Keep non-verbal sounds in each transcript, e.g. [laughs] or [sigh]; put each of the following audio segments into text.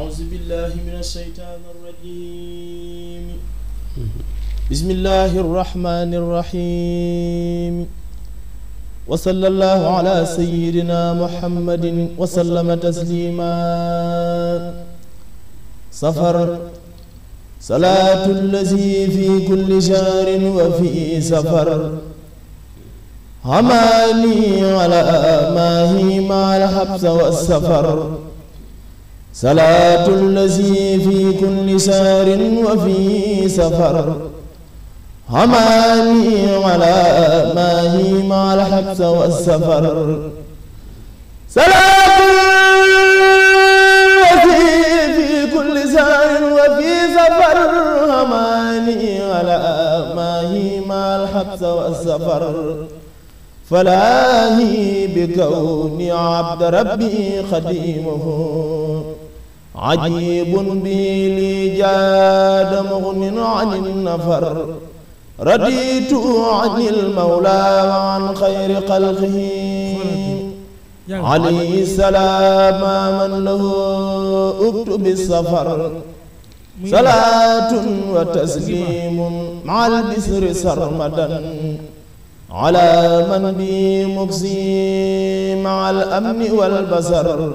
أعوذ بالله من الشيطان الرجيم بسم الله الرحمن الرحيم وصلى الله على سيدنا محمد وسلم تسليما سفر صلاة الذي في كل شهر وفي سفر هماني على ما هي مع الحبس والسفر صلاة الذي في كل سار وفي سفر هماني على ما هي مع الحبس والسفر صلاة الذي في كل سار وفي سفر هماني على ما هي مع الحبس والسفر فلا هي بكوني عبد ربي خديمه عجيب به لي جاد مغن عن النفر رديت عن المولى وعن خير خلقه عليه السلام من له اكتب السفر صلاة وتسليم مع البسر سرمدا على من بي مكسي مع الأمن والبصر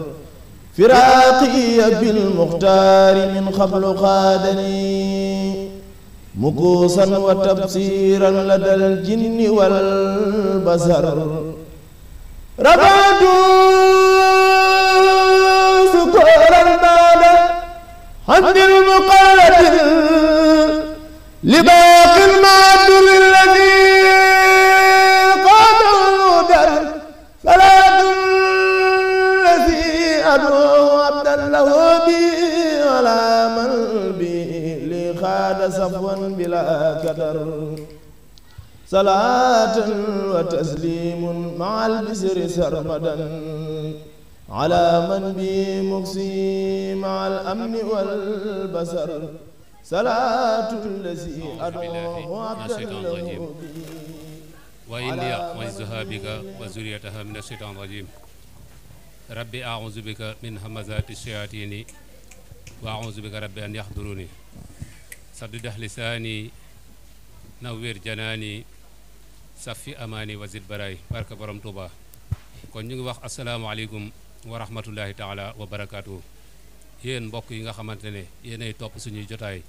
فراقي بالمختار من قبل قادني مكوسا وتبصيرا لدى الجن والبصر رفعت سكور المال حد المقالة لباقي المال بعد بلا كدر صلاة وتسليم مع البسر سرمدا على من بي مقسي مع الأمن والبصر صلاة الذي أدعوه عبدا له وإليا وزهابك وزريتها من الشيطان الرجيم ربي أعوذ بك من همزات الشياطين وأعوذ بك ربي أن يحضروني سدد lisani Nawir Janani, Safi Amani, wazid baray barka borom Toba. kon ñu ngi wax alaykum wa rahmatullahi taala wa barakatuh yeen mbokk yi nga xamantene ne yéenay topp suñuy jotaay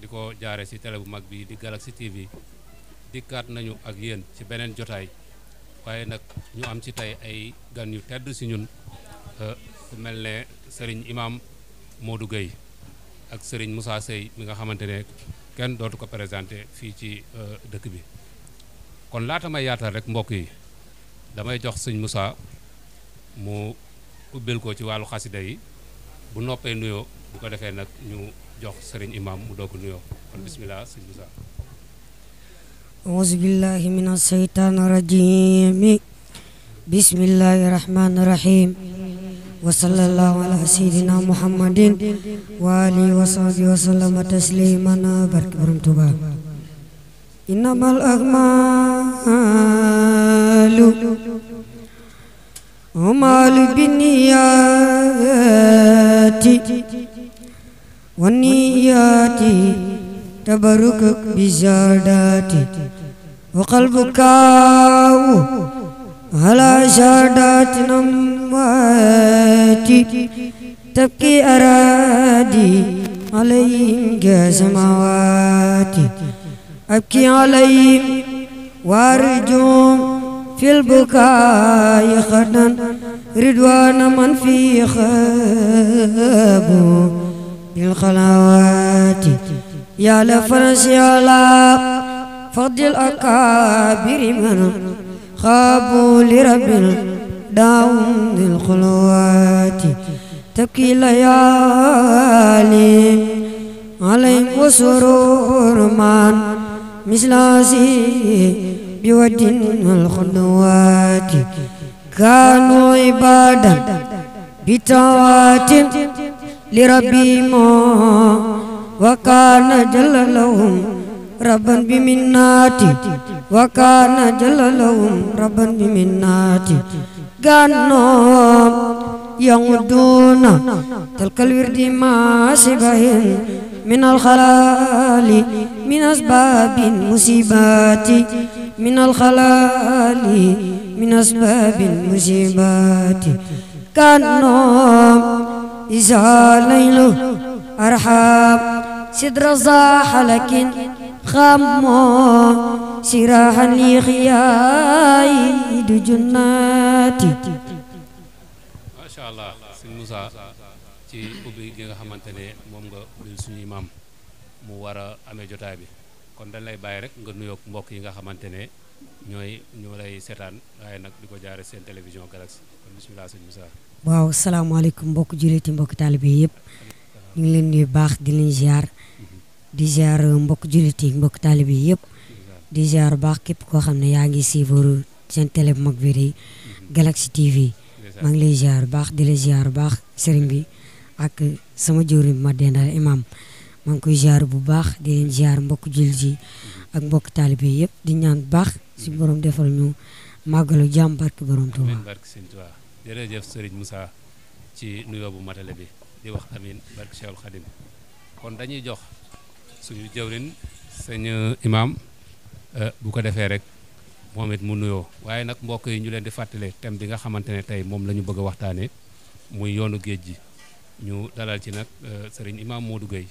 di ko jaare si bu mag bi di Galaxy TV kat nañu ak yeen ci benen jotay waye nak ñu am ci tay ay gan yu tedd ci ñun euh melne Serigne Imam Modou Gueye ak Serigne Moussa Seye mi nga xamante ne kenn dootu ko présenté fii ci euh, dëkk bi kon laata may yaatal rek mbokk yi damay jox sëñ musa mu ubbel ko ci wàllu xasida yi bu noppee nuyoo bu ko defee nag ñu jox sëriñ imam mu doog nuyoo kon bismillah sëñ Moussa auzu billahi min asheytaan rajimi bismillahi rahmani rahim وصلى الله على سيدنا محمد وآله وصحبه وسلم تسليما بارك برمتبا إنما الأعمال أعمال بالنيات والنيات تبرك بزادات وقلبك هلا شادات نمواتي تبكي أرادي عليهم كسماواتي أبكي عليهم وارجوم في البكاء خدن رضوان من في خابو بالخلاوات يا لفرس يا لا فضل الأكابر من خابوا لرب داوم الخلوات تبكي ليالي عليك وسرور مان مثل بود الخلوات كانوا عبادا بتوات لربي ما وكان جل لهم ربا بمناتي وكان جللهم ربا بمناتي غانوم يعودون تلك الورد ما سبهم من الخلال من أسباب المصيبات من الخلال من أسباب المصيبات كالنوم إذا ليل أرحاب سدر صاح لكن khammo sirahan lixiyaay du junnaati masha allah sëñ ci ubbi gi nga xamantene mom nga ubbil suñuy imam mu wara amé jotay bi kon dañ lay baye rek nga nuyo mbokk yi nga xamantene ñoy ñu lay seetaan waaye nak diko ko sen télévision Galaxy kon bismillah sëñ musa waaw salaamaaleykum mbokk jullit yi mbokk talibé yépp ñu leen nuyu baax di leen ziar di ziar eh, mbok juliti mbok talibi yep di ziar baax képp koo xam si buru ngi suivre seen mag bi Galaxy TV mang lay ziar bax di lay ziar bax sëriñ bi ak sama jëwriñ madena imam mang koy ziar bu bax di len ziar mbok julji ak mbok talibi yep di ñaan bax suñu borom defal ñu magalu jam barki borom tuwa barki Sëriñ Touba Moussa ci nuyo bu matale bi di wax amin barki Cheikhul Khadim kon dañuy jox. suñu jëwrin sëñ euh, imam euh, bu ko defee rek moom it mu nuyoo waaye nag mbokk yi ñu leen di fàttale thème bi nga xamante ne tey moom la ñu bëgg waxtaane muy yoonu géej gi ñu dalal ci nag euh, sëriñ imam Modou Gueye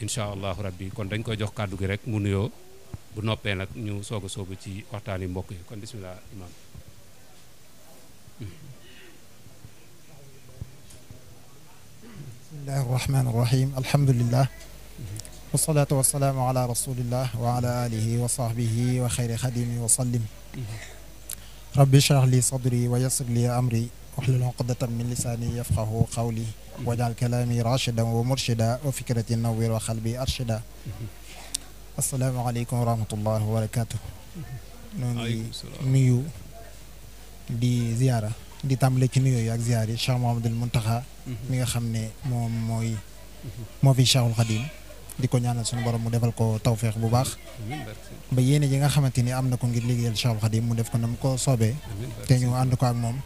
incha allahu rabbi kon dañ koy jox kàddu gi rek mu nuyoo bu noppee nag ñu soog a soobu ci waxtaan yi mbokk yi kon bisimilah imam bismillahi rahmaani rahim alhamdulilah والصلاة والسلام على رسول الله وعلى آله وصحبه وخير خديم وسلم رب اشرح لي صدري ويسر لي أمري واحلل عقدة من لساني يفقه قولي واجعل كلامي راشدا ومرشدا وفكرتي نور وقلبي أرشدا السلام عليكم ورحمة الله وبركاته نوني نيو دي زيارة دي tàmbale ci يا زيارة شام عبد المنتخى Cheikh Mouhamadoul Mountakha mi nga xam ne di ko ñaanal suñu borom mu defal ko tawféex bu baax ba yéene ji nga xamante ni am na ko ngir liggéeyal Cheikhul Khadim mu def ko nam ko soobee te ñu ànd ko ak moom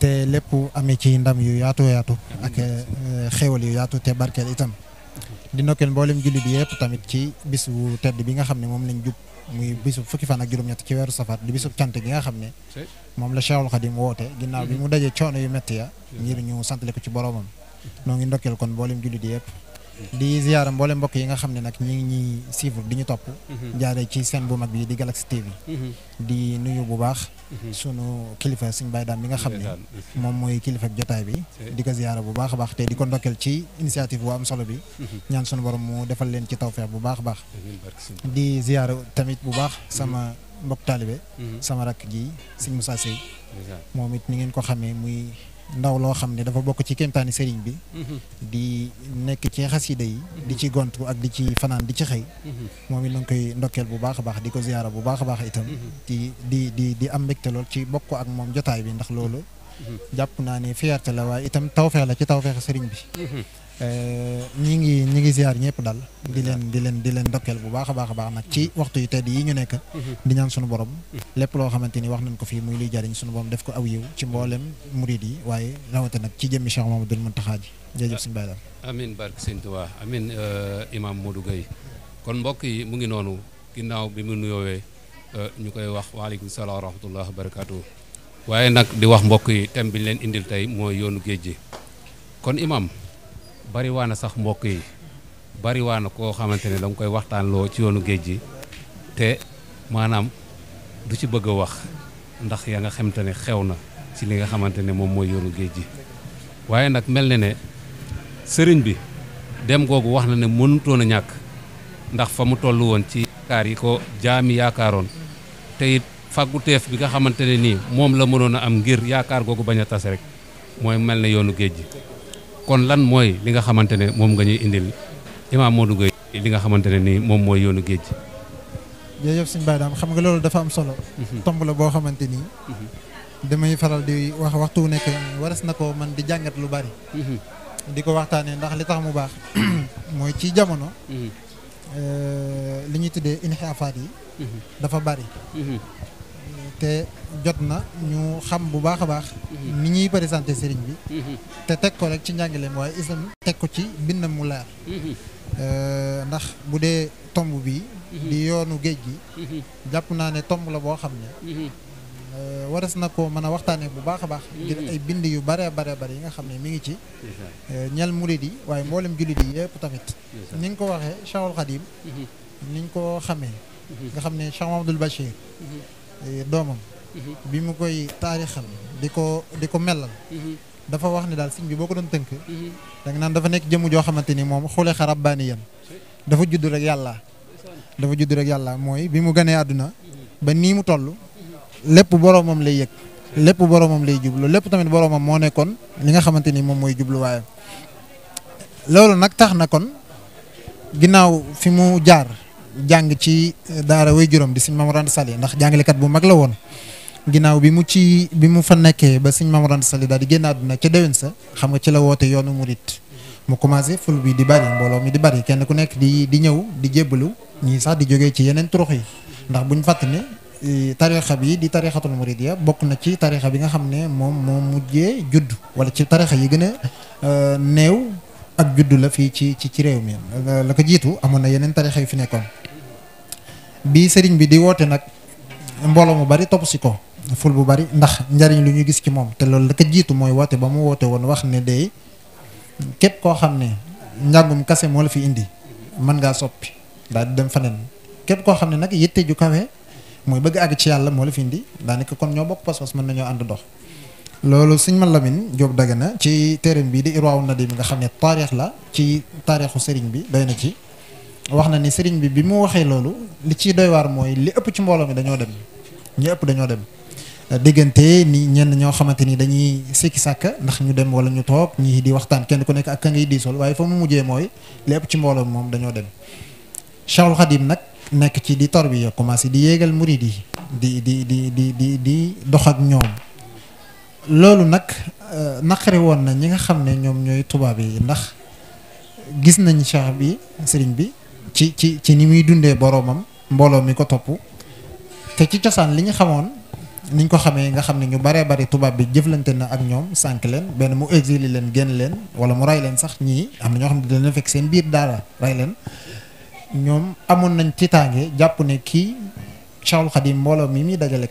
te lépp amee ci ndam yu yaatu yaatu ak euh, xéewal yu yaatu te barkeel itam di nokkeel mboolem julli bi yëpp tamit ci bis bu tedd bi nga xam ne moom lañ jub muy bisu fukki fan ak juróom-ñett ci weeru safar di bisu cant gi nga xam ne moom la Cheikhul Khadim woote ginnaaw bi mu dajee coono yu métti ya ngir ñu santale ko ci boromam noo ngi ndokkeel kon mboolem julli di yëpp di ziyaara mboole mbokk yi nga xam ne nag ñi ngi ñuy di ñu topp mhm. jaaree ci seen bu mag bi di Galaxy TV mhm. di nuyu bu baax mhm. sunu kilifa suñ Baye Dame bi nga xam ne moom mooy kilifa ak jotaay bi di ko ziyaara bu baax a baax te di ko ndokkeel ci initiative bu am solo bi ñaan sunu borom mu defal leen ci tawfeex bu baax a baax di ziyaara tamit bu baax sama mbokk taalibe sama rakk ji sëñ Moussa Seye moom it ni ngeen ko xamee muy ndaw loo xam ne dafa bokk ci kéemtaani sëriñ bi mhm. di nekk ci xasida yi di mhm. ci gont ak di ci fanaan di ci xëy mhm. moom it la koy ndokkeel bu baax a baax di ko ziyaara bu baax a baax itam di di di di am mbégte lool ci bokk ak moom jotaay bi ndax loolu jàpp naa ne fierté la waaye itam tawfeex la ci tawfeex sëriñ bi Euh, ñi ngi ñi ngi ziar ñëpp daal di leen di leen di leen ndokkeel bu baax a baax a baax nag ci mm-hmm. waxtu yi te yi ñu nekk mm-hmm. di ñaan suñu borom mm-hmm. lépp loo xamante ni wax nañ ko fii muy luy jariñ suñu borom def ko aw yiw ci mboolem murid yi waaye rawate nag ci jëmmi Cheikh Mamadou Mountakha ji jërëjëf suñu baay daal amin barke sëñ Tuubaa amin euh, imam Modou Gueye kon mbokk yi mu ngi noonu ginnaaw bi mu nuyoowee euh, ñu koy wax waaleykum salaam wa rahmatullah wa waaye nag di wax mbokk yi thème bi ñu leen indil tey mooy yoonu géej gi kon imam bari waa na sax mbokk yi bari na koo xamante ne da nga koy waxtaanloo ci yoonu géej gi te maanaam du ci bëgg a wax ndax yaa nga xamante ne xew na ci li nga xamante ne moom mooy yoonu géej gi waaye nag mel na ne sëriñ bi dem googu wax na ne mënutoon a ñàkk ndax fa mu toll woon ci yaakaar yi ko jaami yaakaaroon te it fàgguteef bi nga xamante ne nii moom la mënoon a am ngir yaakaar googu bañ a tas rek mooy mel na yoonu géej gi kon lan mooy li nga xamante ne moom nga ñuy indil Imaam Modou Gueye li nga xamante ne nii moom mooy yoonu géej gi. jërëjëf sëñ Baye Dame xam nga loolu dafa am solo. Mhm. tomb la boo xamante ni. Mhm. damay faral di wax waxtu wu nekk waras na ko man di jàngat lu bari. Mhm. di ko waxtaanee ndax li tax mu baax. [clears throat] mooy ci jamono. Euh, li ñuy tuddee inxaafaat yi. dafa bari. te jot na ñu xam bu baax a baax mhm. ni ñuy présenté sëriñ bi mhm. te teg ko rek ci njàngaleem waaye islam teg ko ci bindam mu leer mhm. euh, ndax bu dee tomb bi di yoonu géej gi jàpp naa ne tomb la boo xam ne euh, waras na ko mën a waxtaanee bu baax a baax ngir ay bind yu bare bare bare yi nga xam ne mi ngi ci euh, ñal murid yi waaye mboolem jullit yi yëpp tamit ni ko waxee Cheikhul Khadim ni ñu xamee nga xam ne Cheikh Mamadou Bachir doomam mhm. bi mu koy taarixal di ko di ko mellal mhm. dafa wax ni daal siñ bi boo ko doon tënk mhm. da naan dafa nekk jëmm joo xamante ni moom xule xa rabbaani yan dafa judd rek yàlla dafa judd rek yàlla mooy bi mu gënee àdduna ba nii mu toll lépp boroomam lay yëg lépp boroomam lay jublu lépp tamit boroomam moo nekkoon li nga xamante ni moom mooy jubluwaayam loolu nag tax na kon ginnaaw fi mu jaar jang ci daara way juróom di sëñ Mamour Sali ndax jàngalekat bu mag la woon ginnaaw bi mu ci bi mu fa ba Sali daal di génn àdduna ca déwén sa xam nga ci la woote yoonu murit mu commencé ful bi di bari mbooloo mi di bari kenn ku nekk di di ñëw di jébbalu ñii di jógee ci yeneen turux yi ndax buñ e, bi di tarixatul muridiya bokk na ci tarixa bi nga xam ne moom moo mujjee judd wala ci tarixa yi gën a e, néew ak judd la fii ci ci ci mi la ko fi bi sëriñ bi di woote nag mbooloo mu bari topp si ko ful bu bari ndax njariñ lu ñuy gis ci moom te loolu la jiitu mooy woote ba mu woote woon wax ne de képp koo xam ne njàngum kase moo la fi indi mën ngaa soppi daal di dem faneen képp koo xam ne nag yitte ju kawe mooy bëgg àgg ci yàlla moo la fi indi daanaka kon ñoo bokk pas mën nañoo ànd dox. loolu sëñ ma Lamin Jóob Dagana ci téereem bii di na Nadim nga xam ne taarix la ci taarixu sëriñ bi doy na ci. wax na ni sëriñ bi bi mu waxee loolu li ciy doy waar mooy li ëpp ci mbooloo mi dañoo dem ñi ëpp dañoo dem diggante ni ñenn ñoo xamante ni dañuy sikki sàkk ndax ñu dem wala ñu toog ñii di waxtaan kenn ku nekk ak ka ngay diisool waaye fa mu mujjee mooy li ëpp ci mbooloo moom dañoo dem Cheikhul Khadim nag nekk ci di tarbiya commencé di yéegal murid yi di di di di di di dox ak ñoom loolu nag euh, naqari woon na ñi nga xam ne ñoom ñooy tubaab yi ndax gis nañ cheikh bi sëriñ bi ci ci ci ni muy dundee boroomam mbooloo mi ko topp te ci cosaan li ñu xamoon niñ ko xamee nga xam ne ñu baree bari tubaab bi jëflante na ak ñoom sànq leen benn mu exilé leen génn leen wala mu ray leen sax ñii am na ñoo xam ne dina fekk seen biir daara ray leen ñoom amoon nañ ci tànge jàpp ne kii Cheikhul Khadim mbooloo mii muy dajale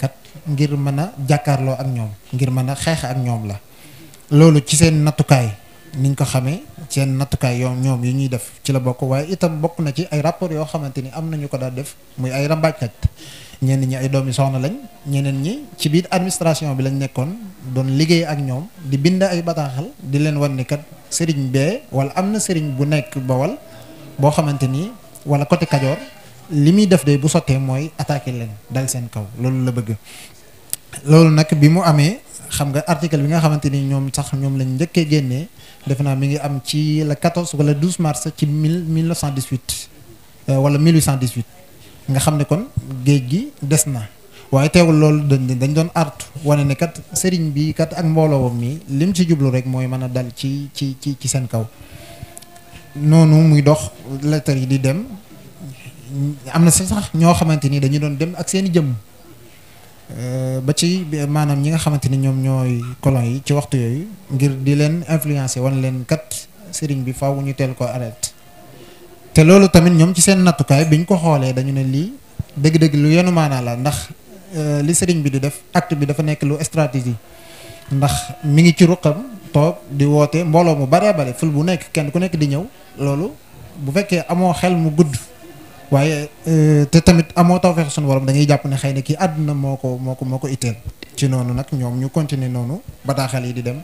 ngir mën a jàkkaarloo ak ñoom ngir mën a xeex ak ñoom la loolu ci seen nattukaay. niñ ko xamé ci natukay yom ñom yi ñuy def ci la bokk way itam bokk na ci ay rapport yo xamanteni am nañu ko da def muy ay kat ñen ñi ay doomi soxna lañ ñeneen ñi ci biir administration bi lañ nekkon doon liggéey ak ñom di bind ay bataxal di leen wan nekat kat sëriñ wal wala sering sëriñ bu nekk bawal bo xamanteni wala côté kadior limi def day bu soté moy attaquer leen dal sen kaw loolu la bëgg loolu nak bi mu amee xam nga article bi nga xamanteni ñom sax ñom lañu ñëkke génné defe naa mi ngi am ci le 14 wala 12 mars ci mil 1918 euh, wala 1818 nga xam ne kon géej gi des na waaye teewul loolu dañ dañ doon artu wane ne kat sëriñ bii kat ak mbooloowam mi lim ci jublu rek mooy mën a dal ci ci ci ci seen kaw noonu muy dox lettre yi di dem am na si sax ñoo xamante ni dañu doon dem ak seen i Euh, ba ci maanaam ñi nga xamante ni ñoom ñooy colon yi ci waxtu yooyu ngir di leen influencer wan leen kat sëriñ bi faaw ñu teel ko arrêté te loolu tamit ñoom ci seen nattukaay bi ñu ko xoolee dañu ne lii dëgg-dëgg lu yenu maanaa la ndax euh, li sëriñ bi di def acte bi dafa nekk lu stratégie ndax mi ngi ci ruqam toog di woote mbooloo mu baree bare ful bu nekk kenn ku nekk di ñëw loolu bu fekkee amoo xel mu gudd waaye euh, te tamit amoo tawfeex suñu borom da ngay jàpp ne xëy na kii àdduna moo ko moo ko moo ko itteel ci noonu nag ñoom ñu continuer noonu bataaxal yi di dem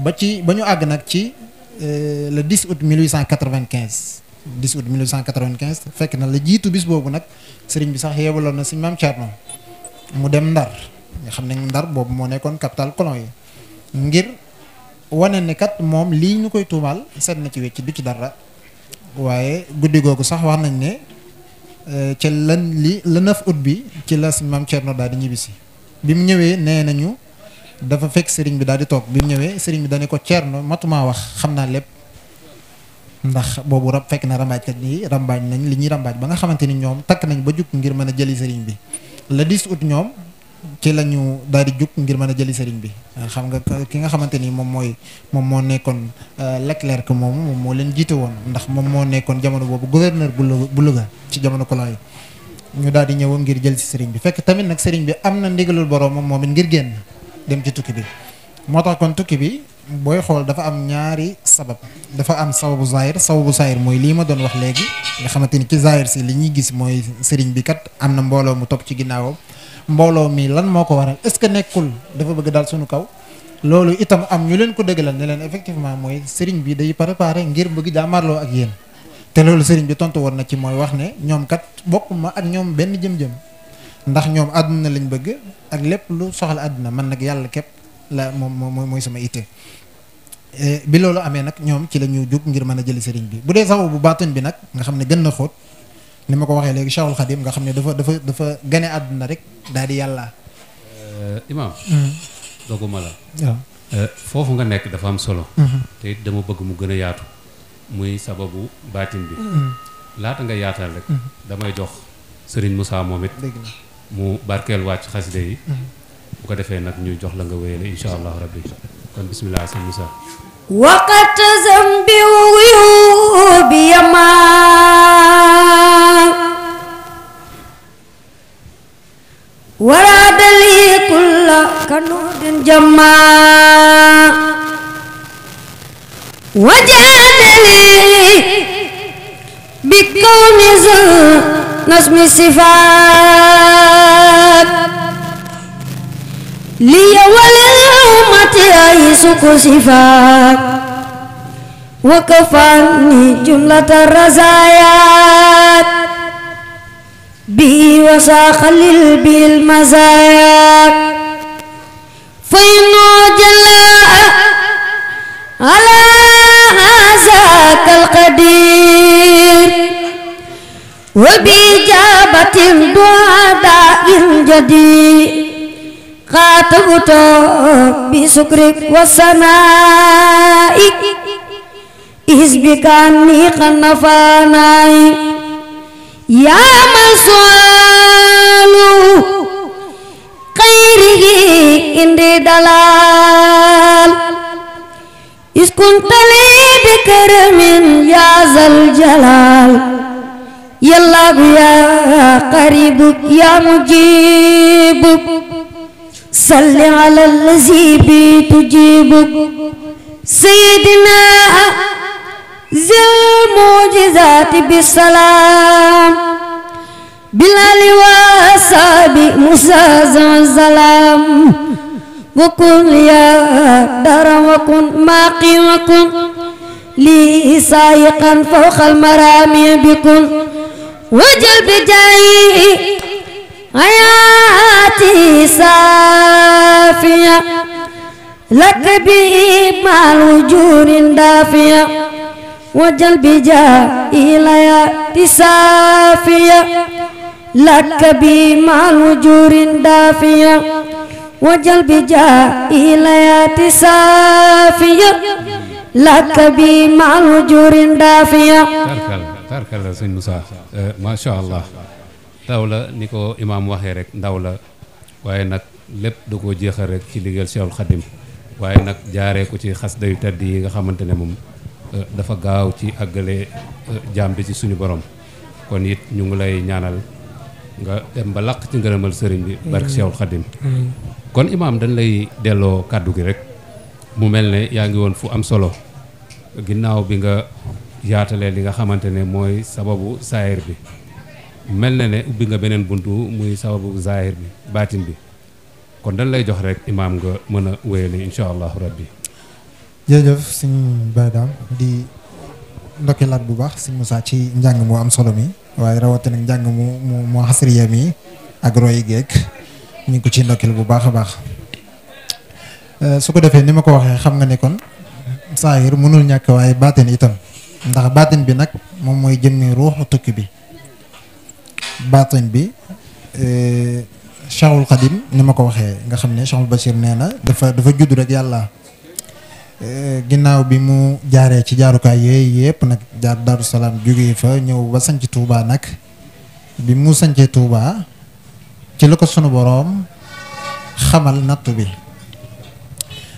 ba ci ba ñu àgg nag ci euh, le 10 août 1895 10 août 1895 fekk na la jiitu bis boobu nag sëriñ bi sax yeewaloon na sëñ maam Thierno mu dem Ndar nga xam ne Ndar boobu moo nekkoon capital colon yi ngir wane ne kat moom lii ñu koy tuumaal seet na ci wecc ci dara waaye guddi googu sax wax nañ ne. Euh, ci lan li la 9 août bi ci la maam Thierno daal di ñibbisi bi mu ñëwee nee nañu dafa fekk sëriñ bi daal di toog bim ñëwee sëriñ bi dañu ko Thierno matuma wax xam naa lépp ndax boobu rab fekk na rambaajkat yi rambaaj nañ li ñuy rambaaj ba nga xamante ni ñoom takk nañ ba jug ngir mën a jëli sëriñ bi le 10 août ñoom ci la ñu daal di jug ngir mën a jëli sëriñ bi euh, xam nga ki nga xamante ni moom mooy moom moo nekkoon euh, Leclerc moom moom moo leen jiite woon ndax moom moo nekkoon jamono boobu gouverneur bu Louga ci jamono Kolaay ñu daal di ñëw ngir jël si sëriñ bi fekk tamit nag sëriñ bi am na ndigalul boroomam moom it ngir génn dem ci tukki bi moo tax kon tukki bi booy xool dafa am ñaari sabab dafa am bu sababu zahir sababu zahir mooy lii ma doon wax léegi nga xamante ni ci zahir si li ñuy gis mooy sëriñ bi kat am na mbooloo mu topp ci ginnaawam mbooloo mi lan moo ko waral est-ce que nekkul dafa bëgg daal suñu kaw loolu itam am ñu leen ko dëggalal ne leen effectivement mooy sëriñ bi day préparé ngir bëgg jàmmarloo ak yéen te loolu sëriñ bi tontu woon na ci mooy wax ne ñoom kat ma ak ñoom benn jëm-jëm ndax ñoom àdduna lañ bëgg ak lépp lu soxla àdduna man nag yàlla képp la moom moom mooy sama itte eh, bi loolu amee nag ñoom ci la ñu jóg ngir mën a jëli sëriñ bi bu dee sababu bu baatin bi nag nga xam ne gën na xóot ni ma ko waxee léegi Cheikhul Khadim nga xam ne dafa dafa dafa gane àdduna rek daal di yàlla. Euh, Imaam. Hmm. doguma la. Euh, foofu nga nekk dafa am solo. Hmm. te dama bëgg mu gën a yaatu. muy sababu baatin bi. Hmm. laata nga yaatal rek. damay jox Serigne Moussa moom it. mu barkeel wàcc xaside yi. bu ko defee nag ñuy jox la nga wéyale incha allahu rabbi kon bisimilah sëñ Moussa. وقد ذنبي ويوبي ما وراد لي كل كنود جما وجادني بكون نظم صفات لي وللأمة رئيس كشفا وكفاني جملة الرزايات بي وساخ للبي المزايا فإنه جلاء على ذاك القدير وبإجابة دعاء جديد khatuto bi sukri wasana izbikani khanafanai ya masalu khairihi indi dalal tali bikarmin ya zal jalal Ya Allah ya karibuk ya mujibuk صل على الذي بتجيب سيدنا ذي المعجزات بالسلام بلال وأصحاب موسى السلام وكن يا دار وكن ماقي وكن لي سائقا فوق المرامي بكن وجل بجاي حياتي صافية لك بي مع الوجور دافية وجل بجاه لياتي صافية لك بي مع الوجور دافية وجل بجاه لياتي صافية لك بي مع الوجور دافية تركل تركل سيد موسى ما شاء الله ndaw la ni ko imaam waxee rek ndaw la waaye nag lépp du ko jeexal rek ci liggéeyal Seexul Xadim waaye nag jaaree ko ci xas dayu tedd yi nga xamante ne moom euh, dafa gaaw ci àggale euh, jaam bi ci suñu boroom kon ñu ngi lay ñaanal nga dem ba laq ci ngërëmal sëriñ bi barke Seexul Xadim kon imaam dañ lay delloo kàddu gi rek mu mel ne yaa ngi woon fu am solo ginnaaw bi nga yaatalee li nga xamante ne mooy sababu saayir bi mel na ne ubbi nga beneen buntu muy sababu zahir bi baatin bi kon dañ lay jox rek imaam nga mën a wéyale incha allahu rabbi jërëjëf sëñ Badam di ndokkilaat bu baax sëñ Moussa ci njàng mu am solo mi waaye rawatina njàng mu mu mu xasriya mi ak roy geek ñu ngi ko ci ndokkil bu baax a baax euh, su ko defee ni ma ko waxee xam nga ne kon saahir mënul ñàkk waaye baatin itam ndax baatin bi nag moom mooy jëmmi ruuxu tukki bi baatin bi e, Cheikhul Khadim ni ma ko waxee nga xam ne Cheikhul Bachir nee na dafa dafa judd rek yàlla e, ginnaaw bi mu jaaree ci jaarukaay yooyu yëpp nag jaar Daaru Salaam jógee fa ñëw ba sanc Touba nag bi mu sañcee Touba ci la ko sunu boroom xamal nattu bi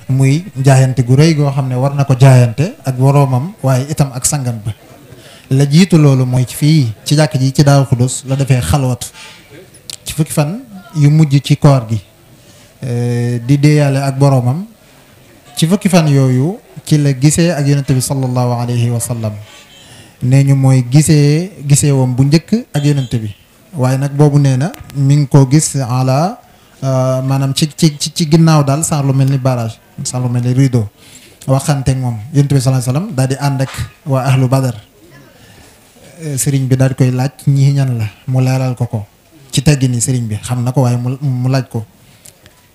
muy jaayante gu rëy goo xam ne war na ko jaayante ak boroomam waaye itam ak sangam bi la jiitu loolu mooy ci fii ci jàkk ji ci Daaru Xudus la defee xalwatu ci fukki fan yu mujj ci koor gi eh, di déeyale ak boroomam ci fukki fan yooyu ci la gisee ak yonent bi sallallahu alayhi wa sallam nee ñu mooy gisee gisee woom bu njëkk ak yonent bi waaye nag boobu nee na mi ngi ko gis ala eh, maanaam ci ci ci ginnaaw daal sans lu mel ni barrage sans lu mel ni rideau waxante moom yonent bi sallallahu alayhi daal di ànd ak waa ahlu badar Eh, sëriñ bi daal koy laaj ñii ñan la mu leeral ko ko ci teggi ni sëriñ bi xam na ko waaye mu mu laaj ko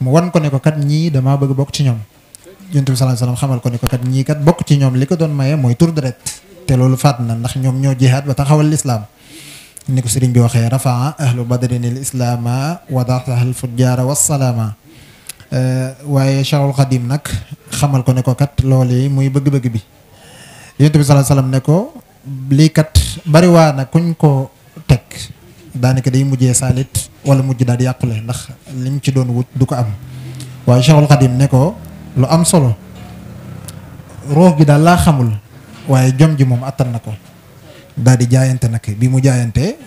mu wan ko ne kat ñii damaa bëgg bokk ci ñoom yonent bi sallallahu alayhi xamal ko ne ko kat ñii kat bokk ci ñoom li ko doon maye mooy tur deret te loolu faat na ndax ñoom ñoo jihaad ba taxawal lislaam ni ko sëriñ bi waxee rafaa ahlu badrin al islaama wadaataha al fujjaara wassalaama eh, waaye Cheikhul Xadim nag xamal ko ne ko kat loolu muy bëgg-bëgg bi yonent bi sallallahu alayhi wasallam ne ko blikat bari wa na kuñ ko tek danaka day mujjé salit wala mujj dal di ndax lim ci doon wut du am wa Cheikhul qadim ne ko lu am solo roh gi dal la xamul waye jom ji mom atal nako dal di jaayante nak bi mu jaayante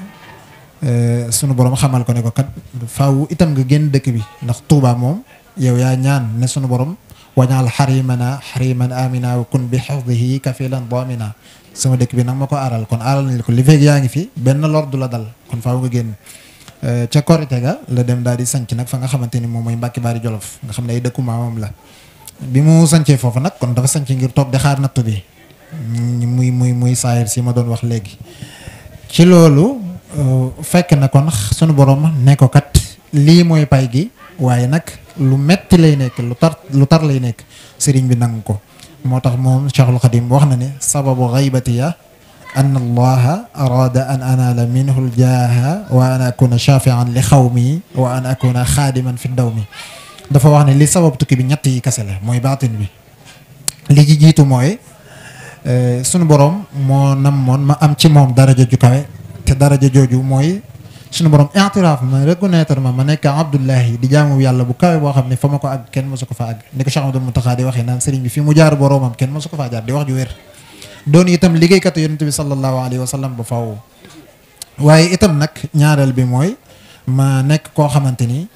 eh, sunu borom xamal ko ne ko kat faaw itam nga genn dekk bi ndax Touba mom yow ya ñaan ne sunu borom wañaal harimana hariman amina wa kun bi hifdhihi kafilan damina sama dëkk bi nag ma ko aaral kon aaral nañ ko li fekk yaa ngi fi benn lor du la dal kon faaw nga génn euh, ca korite ga la dem daal di sanc nag fa nga xamante ni moom mooy Mbàkke Baari Jolof nga xam ne ay dëkku maamam la bi mu sancee foofu nag kon dafa sanc ngir toog di xaar nattu bi mm, muy muy muy saayir si ma doon wax léegi ci loolu euh, fekk na kon sunu borom ne ko kat lii mooy pay gi waaye nag lu metti lay nekk lu tar lu tar lay nekk sëriñ bi nangu ko موتاخ موم شيخ القديم وخنا سبب غيبتي ان الله اراد ان انال منه الجاه وان اكون شافعا لخومي وان اكون خادما في الدوم دا فا وخنا لي سبب توكي بي نياتي كاسل موي باتين بي لي جيتو موي آه، سون بوروم مو نمون ما ام تي موم درجه جوكاي تي درجه جوجو موي suñu borom intiraaf ma reconnaître ma ma nekk Abdullahi di jaamu yàlla bu kawe boo xam ne fa ma ko àgg kenn mosu ko fa àgg ni ko Cheikh Amadou Mountakha di waxee naan sëriñ bi fi mu jaar boroomam kenn mosu ko faa jaar di wax ju wér doon itam liggéeykatu yonent bi sallallahu alayhi wa sallam ba faaw ñaareel bi mooy ma nekk koo xamante ni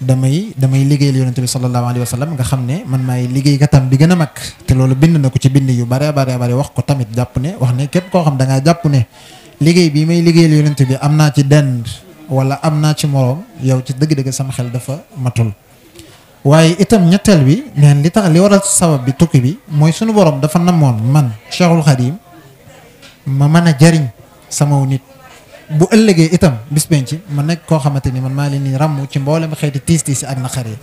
damay damay liggéeyal yonent bi sallallahu alayhi wa sallam nga xam ne man maay liggéeykatam bi gën a mag te loolu bind na ko ci bind yu bare bare bare wax ko tamit jàpp ne wax ne képp koo xam da ngaa jàpp ne liggéey bi may liggéeyal yonent bi am naa ci dend wala am naa ci moroom yow ci sama xel dafa matul waaye itam ñetteel bi neen li tax li waral sabab bi tukki bi borom dafa namon man Cheikhul Khadim ma mën a jariñ samaw nit bu ëllëgee itam bis penc ma nekk koo xamante man maa leen ni ràmm ci mboolem xeeti tiis tiis ak naqar yi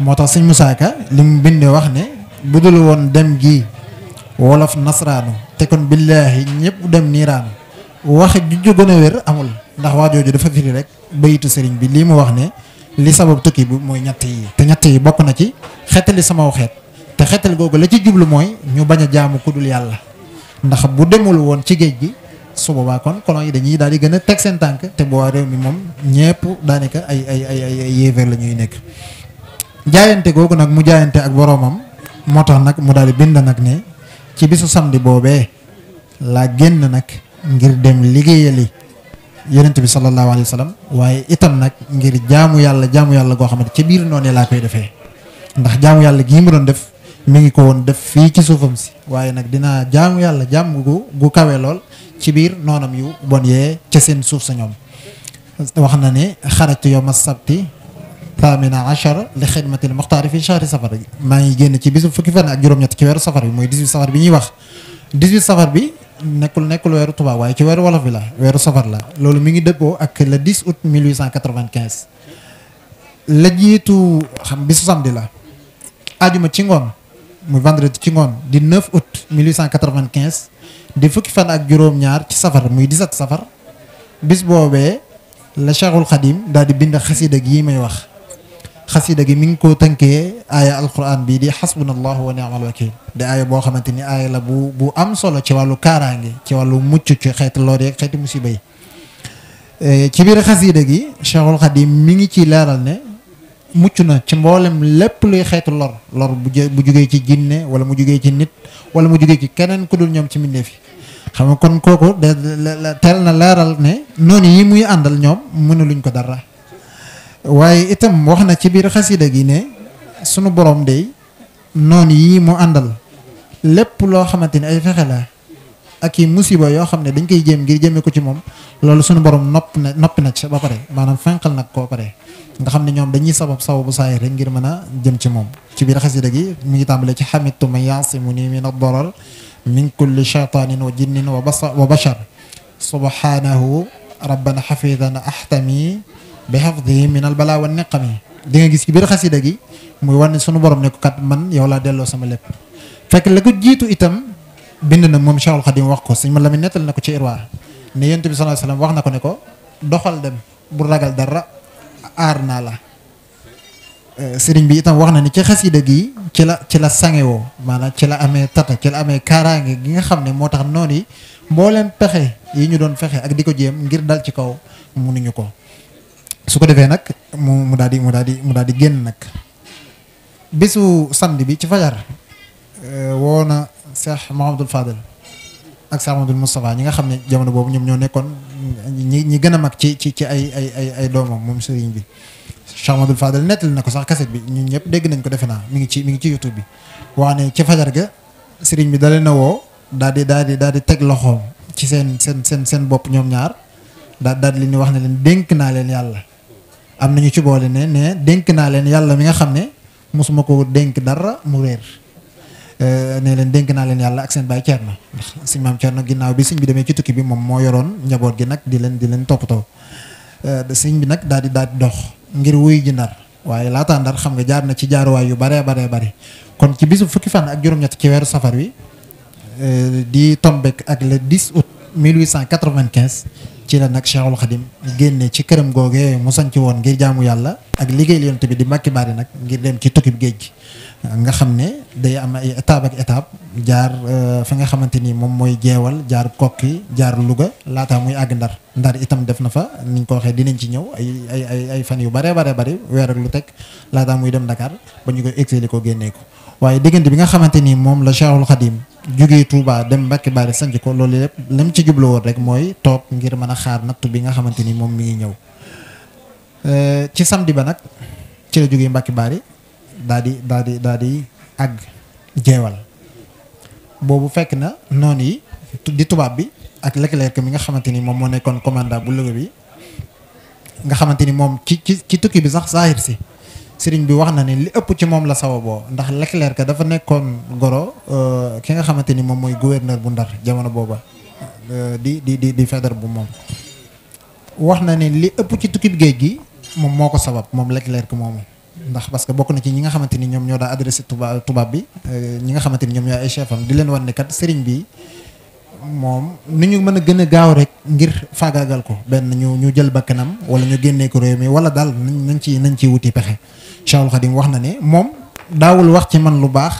moo tax sëñ Moussa Ka li mu wax ne bu dem gi wolof te kon dem wax ju amul ndax waa jooju dafa firi rek bayitu sëriñ bi lii mu wax ne li sabab tukki bi mooy ñett yi te ñett yi bokk na ci xetali sama xeet te xetal googu la ci jublu mooy ñu bañ a jaamu kudul yàlla ndax bu demul woon ci géej gi su boobaa kon colon yi dañuy daal di gën a teg seen te boobaa réew mi moom ñépp daanaka ay ay ay ay yéeféer la nekk jaayante googu nag mu jaayante ak boroomam moo tax nag mu daal di bind nag ne ci bisu samedi boobee laa génn nag ngir dem liggéeyali yonent bi sallallahu alayhi wa waaye itam nag ngir jaamu yàlla jaamu yàlla goo xamante ca biir noonu laa koy defee ndax jaamu yàlla gii mu doon def mi ngi ko woon def fii ci suufam si waaye nag dinaa jaamu yàlla jaam gu gu kawee lool ci biir noonam yu bon yee ca seen suuf sa ñoom wax na ne xarajtu yawma sabti thamina achara li xidmatil muxtaari fi chahri safar maa ngi génn ci bisu fukki fan ak juróom-ñett ci weeru safar bi mooy 18 safar bi ñuy wax 18 safar bi nekkul nekkul weeru tubaab waaye ci weeru wolof bi la weeru safar la loolu mi ngi dëppoo ak le 10 août 1895 la jiitu xam bisu samedi la ajuma ci ngoon mu vendredi ci ngoon di 9 août 1895 di fukki fan ak juróom-ñaar ci safar muy 17 safar bis boobee la Cheikhul Khadim dal di bind xasida gi may wax xasida gi mi ngi ko tënkee aaya alquran bii di xasbunallahu wa ni'mal wakil di aaya boo xamante ni aaya la bu bu am solo ci wàllu kaaraange ci wàllu mucc ci xeetu loor yeeg xeeti musiba yi e, ci biir xasida gi Cheikhul Khadim mi ngi ci laaral ne mucc na ci mboolem lépp luy xeetu lor lor bu bu jugee ci ginne wala mu jugee ci nit wala mu jugee ci keneen ku dul ñoom ci mbindeef yi xam nga kon kooku de na laaral ne noonu yi muy àndal ñoom mënuluñ ko dara waaye itam wax na ci biir xasida gi ne sunu borom day noonu yii mu àndal lépp loo xamante ni ay fexe la ak i musiba yoo xam ne dañ koy jéem ngir jëmee ko ci moom loolu sunu borom nopp na noppi na ci ba pare maanaam fenqal nak ko pare nga xam ne ñoom dañuy sabab sababu saay rek ngir mën a jëm ci moom ci biir xasida gi mu ngi tàmbalee ci xamitu ma yaasimu min ad-darar min kulli shaytaanin wa jinnin wa bashar subhanahu ربنا حفيظنا احتمي bi xafdihi min al balaa wa niqami di nga gis ci biir xasida gi muy wane sunu borom ne ko man yow laa delloo sama lépp fekk la ko jiitu itam bind na moom Cheikhul Khadim wax ko sëñ ma la mi nettal na ko ci irwa ne yonent bi sallallahu alayhi wasallam wax na ko ne ko doxal dem bu dara aar naa la euh, sëriñ bi itam wax na ni ci xasida gi ci la ci la sangewoo maanaam ci la amee tata ci la amee kaaraange gi nga xam ne moo tax noonu yi mbooleem pexe yi ñu doon fexe ak di ko jéem ngir dal ci kaw munuñu ko su ko defee nag mu mu daal di mu daal di mu daal di génn nag bésu samedi bi ci fajar euh, woo na Cheikh Mouhamadul Fadel ak Cheikh Mouhamadul Moustapha ñi nga xam ne jamono boobu ñoom ñoo nekkoon ñi ñi gën a mag ci ci ci ay ay ay ay doomam moom sëriñ bi. Cheikh Mouhamadul Fadel nettali na ko sax kaset bi ñun ñëpp dégg nañ ko defe naa mu ngi ci mi ngi ci YouTube bi wax ne ci fajar ga sëriñ bi dalee na woo daal di daal di daal di teg loxoom ci seen seen seen seen bopp ñoom ñaar daal daal di leen wax ne dénk naa leen yàlla. am na ñu ci boole ne ne dénk naa leen yàlla mi nga xam ne mosuma ko dénk dara mu réer euh, ne leen dénk naa leen yàlla ak seen baay Cerno ndax sëñ maam Cerno ginnaaw bi sëñ bi demee ci tukki bi moom moo yoroon njaboot gi nag di leen di leen toppatoo euh, sëñ bi nag daal di daal di dox ngir wuy ji ndar waaye laataa ndar xam nga jaar na ci jaaruwaay yu baree baree bare kon ci bisu fukki fan ak juróom-ñett ci weeru safar wi euh, di tombek ak le 10 août 1895 ci la nag Cheikhul Khadim génne ci këram googee mu sanc woon ngir jaamu yàlla ak liggéey yonent bi di màkki baari nag ngir dem ci tukkib géej gi nga xam ne day am ay étape ak étape jaar euh, fi nga xamante ni moom mooy jeewal jaar kokki jaar Louga laataa muy àgg ndar ndar itam def na fa niñ ko waxee dinañ ci ñëw ay ay ay ay fan yu bare bare bari weer ak lu teg laataa muy dem ndakaar ba ñu koy exilé ko génnee ko waaye diggante bi nga xamante ni moom la Cheikhul Khadim jógee Touba dem Mbacke baari sanc ko loolu lépp lam ci jublu woon rek mooy toog ngir mën a xaar natt bi nga xamante ni moom mi ngi ñëw euh, ci samedi ba nag ci la jógee Bari daal di daal di daal di jeewal boobu fekk na noonu yi di tubaab bi ak Leclerc mi nga xamante ni moom moo nekkoon commandant bu Louga bi nga xamante ni moom ci ci ci tukki bi sax saahir si sëriñ bi wax na ne li ëpp ci moom la sababoo ndax ka dafa nekkoon goro euh, ki nga xamante ni moom mooy gouverneur bu Ndar jamono booba euh, di di di di Faidherbe bu moom. wax na ne li ëpp ci tukkib géej gi moom moo ko sabab moom Leclerc moomu. ndax parce que bokk na ci ñi nga xamante ni ñoom ñoo daa adressé tubaab tubaab bi. Euh, ñi nga xamante ni ñoom ñoo ay chef am leen wan ne kat sëriñ bi moom nu ñu mën a gën a gaaw rek ngir faagaagal ko benn ñu ñu jël bakkanam wala ñu génnee ko réew mi wala daal nañ nañ ci nañ ciy wuti pexe. Cheikhul Khadim wax na ne moom daawul wax ci man lu baax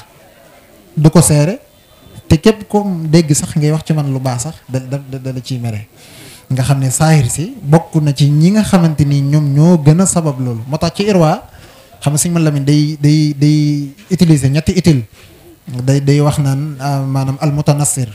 du ko seere te képp ko dégg sax ngay wax ci man lu baax sax da da ciy mere nga xam ne saahir si bokk na ci ñi nga xamante ni ñoom ñoo gën a sabab loolu moo tax ci irwa xam nga sëñ ma Lamin day day day utiliser ñetti utile day day wax naan ah, maanaam al mutanassir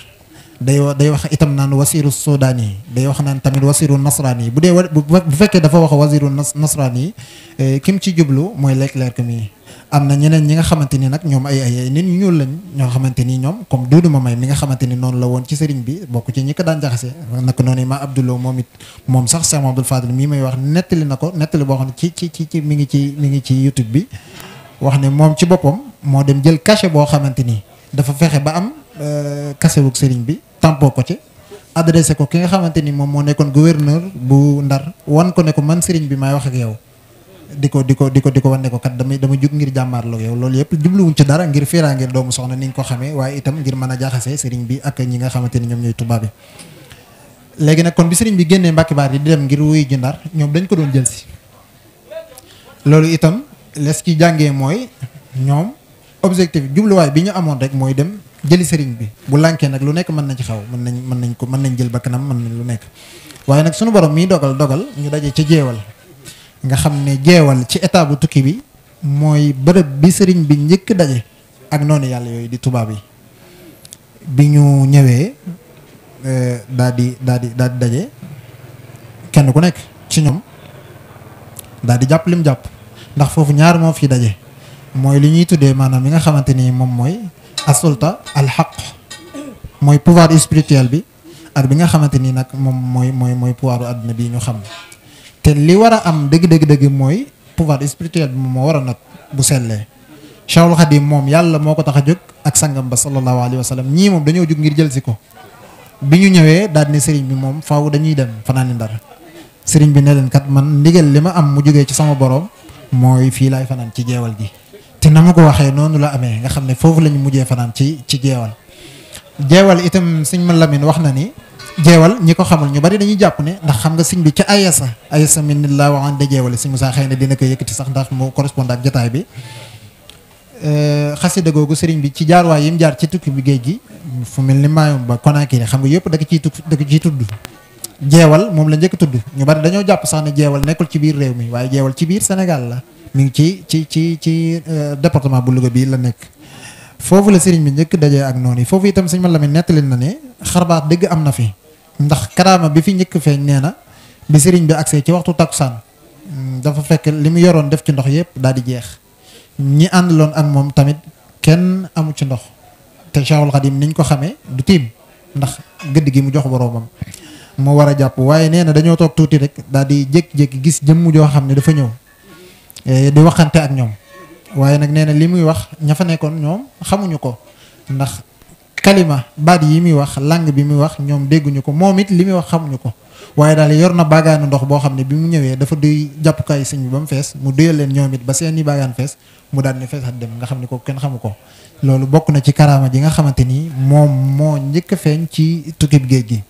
day wax day wax itam naan wasiru sudaani yi day wax naan tamit wasiru nasraan yi bu dee bu fekkee dafa wax wasiru nasraan yi eh, kim ci jublu mooy Leclerc mi am na ñeneen ñi nga xamante ni nag ñoom ay ay nit ñu ñuul lañ ñoo xamante ni ñoom comme Doudou Mamay mi nga xamante ni noonu la woon ci sëriñ bi bokk ci ñi ko daan jaxase naka noonu ma Abdoulou moom it moom sax Cheikh Abdoul Fadil mii may wax nettali na ko nettali boo xam ne ci ci ci mi ngi ci mi bi wax ne moom ci boppam moo dem jël cachet boo xamante ni dafa fexe ba am eh, cachet wu sëriñ bi. tampoo ko ci adressé ko ki nga xamante ni moom moo nekkoon gouverneur bu ndar wan ko ne ko man sëriñ bi maay wax ak yow di ko di ko di ko di ko wan ko kat dama dama jug ngir jàmmaarloo yow loolu yëpp ci dara ngir fiiraa ngir doomu soxna ni ñu ko xamee waaye itam ngir mën a jaaxase sëriñ bi ak ñi nga xamante ni ñoom ñooy tubaab bi léegi nag kon bi sëriñ bi génnee mbàkki baar yi di ngir wuyu ji ndar ñoom dañ ko doon jël si loolu itam les ki jàngee mooy ñoom objectif jubluwaay bi ñu amoon rek mooy dem jëli sëriñ bi bu lànkee nag lu nekk mën na ci xaw mën nañ mën nañ ko mën nañ jël bakkanam mën nañ lu nekk waaye nag sunu borom mii dogal dogal ñu daje ca jeewal nga xam ne jeewal ci état bu tukki bi mooy bërëb bi sëriñ bi njëkk daje ak noonu yàlla yooyu di tubaab yi bi ñu ñëwee euh, daa di daal di daje kenn ku nekk ci ñoom daal di jàpp lim jàpp ndax foofu ñaar moo fi daje mooy li ñuy tuddee maanaam li nga xamante ni moom mooy asolta alxaq mooy pouvoir spirituel bi ak bi nga xamante ni nag moom mooy mooy mooy pouvoiru àdduna bi ñu xam te li war a am dëgg dëgg dëgg mooy pouvoir spirituel bi moom moo war a nag bu sellee Cheikhul Khadim moom yàlla moo ko tax a jóg ak sangam ba sallallahu alayhi wa sallam ñii moom dañoo jóg ngir jël si ko bi ñu ñëwee daal sëriñ bi moom faaw dañuy dem fanaani Ndar sëriñ bi ne leen man ndigal li ma am mu jógee ci sama boroom mooy fii laay fanaan ci jeewal gi te na ma ko waxee noonu la amee nga xam ne foofu la ñu mujjee fanaan ci ci jeewal jeewal itam sëñ ma Lamine wax na ni jeewal ñi ko xamul ñu bari dañuy jàpp ne ndax xam nga sëñ bi ca ayasa ayasa min laa waxaan de jeewale sëñ Moussa xëy na dina ko yëkkati sax ndax mu correspond ak jotaay bi euh, xasida googu sëriñ bi ci jaarwaay yi mu jaar ci tukki bi géej gi fu mel ni maayom ba Conakry xam nga yëpp da ko ciy da ko ciy tudd moom la njëkk tudd ñu bari dañoo jàpp sax ne jeewal nekkul ci biir réew mi waaye jeewal ci biir Sénégal la mi ngi ci ci ci ci euh, département bu Louga bii la nekk foofu la sëriñ bi njëkk dajee ak noonu yi foofu itam sëñ ma la mi nettali na ne xarbaat dëgg am na fi ndax karaama bi fi njëkk feeñ nee na bi sëriñ bi agsee ci waxtu takkusaan mm, dafa fekk li mu yoroon def ci ndox yëpp daal di jeex ñi àndaloon ak moom tamit kenn amu ci ndox te Cheikhul Khadim niñ ko xamee du tiim ndax gëdd gi mu jox boroomam mu war a jàpp waaye nee na dañoo toog tuuti rek daal di jékki-jékki gis jëmm joo xam ne dafa ñëw Eh, di waxante ak ñom waye nak neena na wax ña fa nekkoon xamuñu ko ndax kalima badi yi mi wax langue bi mi wax ñom degguñu ko momit limi wax xamuñu ko waye dal yor na ndox bo xamne ne bi mu ñëwee dafa duy jàppukaay sëñ bi bam fess mu duyal leen ñomit ba seen i baagaan fees mu daal fess ha dem nga xamni ko kenn xamuko ko bokku na ci karama ji nga xamanteni ni mo moo feñ ci tukib geej gi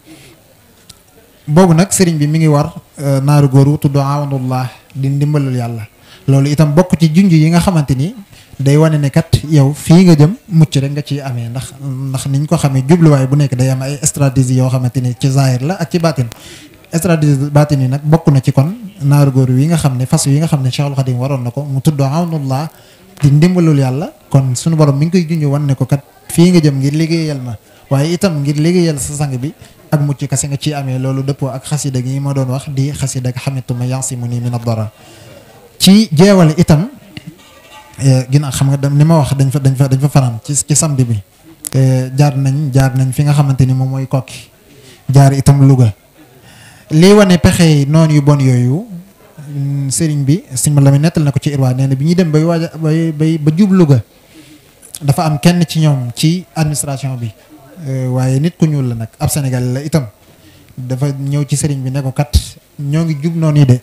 bobu nak señ bi mi ngi war eh, naaru goru tuddu awanullah di ndimbalal yalla loolu itam bokk ci junj yi nga xamante ni day wane ne kat yow fii nga jëm mucc rek nga ciy amee ndax ndax niñ ko xamee jubluwaay bu nekk day am ay stratégie yoo xamante ni ci zahir la ak ci baatin stratégie baatin yi nag bokk na ci kon naaru góor wi nga xam ne fas yi nga xam ne Cheikhul Khadim waroon na ko mu tudd awnullah di ndimbalul yàlla kon sunu borom mi ngi koy junj wan ne ko kat fii nga jëm ngir liggéeyal ma waaye itam ngir liggéeyal sa sang bi ak mucc kase nga ciy amee loolu dëppoo ak xasida gi ma doon wax di xasida ak xamitu ma yansimu nii min ad-dara ci jeewale itam eh, ginnaaw xam nga dem ni ma wax dañ fa dañ fa dañ ci ci samedi bi eh, jaar nañ jaar nañ fi nga xamante ni moom mooy kokki jaar itam Louga lii wane pexe noonu yu bon yooyu mm, sëriñ bi sëriñ ma la muy nettal na ko ci irwaa nee bi ñuy dem bay waaja bay bay ba jub Louga dafa am kenn ci ñoom ci administration bi eh, waaye nit ku ñuul la nag ab Sénégal la itam dafa ñëw ci sëriñ bi ne ko ñoo ngi jub noon yi de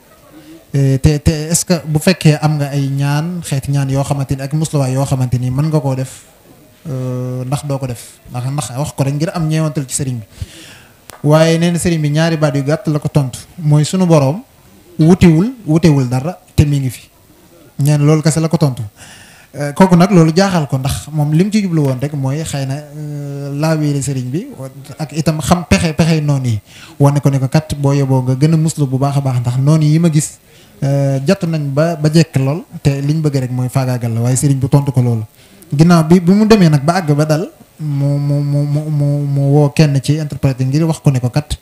Eh, te te est-ce que bu fekkee am nga ay ñaan xeet ñaan yoo xamante ni ak musluwaay yoo xamante ni mën nga koo def eh, ndax doo ko def ndax ndax wax ko rek ngir am ñeewantal ci sëriñ bi waaye nee na sëriñ bi ñaari baat yu gàtt la ko tontu mooy sunu boroom wutiwul wutewul dara te mi ngi fi ñeen loolu kese la ko tontu. Euh, kooku nag loolu jaaxal ko ndax moom lim ci jublu woon rek mooy xay na euh, laaweele sëriñ bi ak itam xam pexe pexe noon yi wane ko ne ko kat boo yoboo nga gën a muslu bu baax a baax ndax noonu yi ma gis euh, jàtt nañ ba ba jekk lool te liñ bëgg rek mooy faagaagal la waaye sëriñ bi tontu ko loolu. ginnaaw bi bi mu demee nag ba àgg ba dal mu mu mu mu mu woo kenn ci interprète ngir wax ko ne ko kat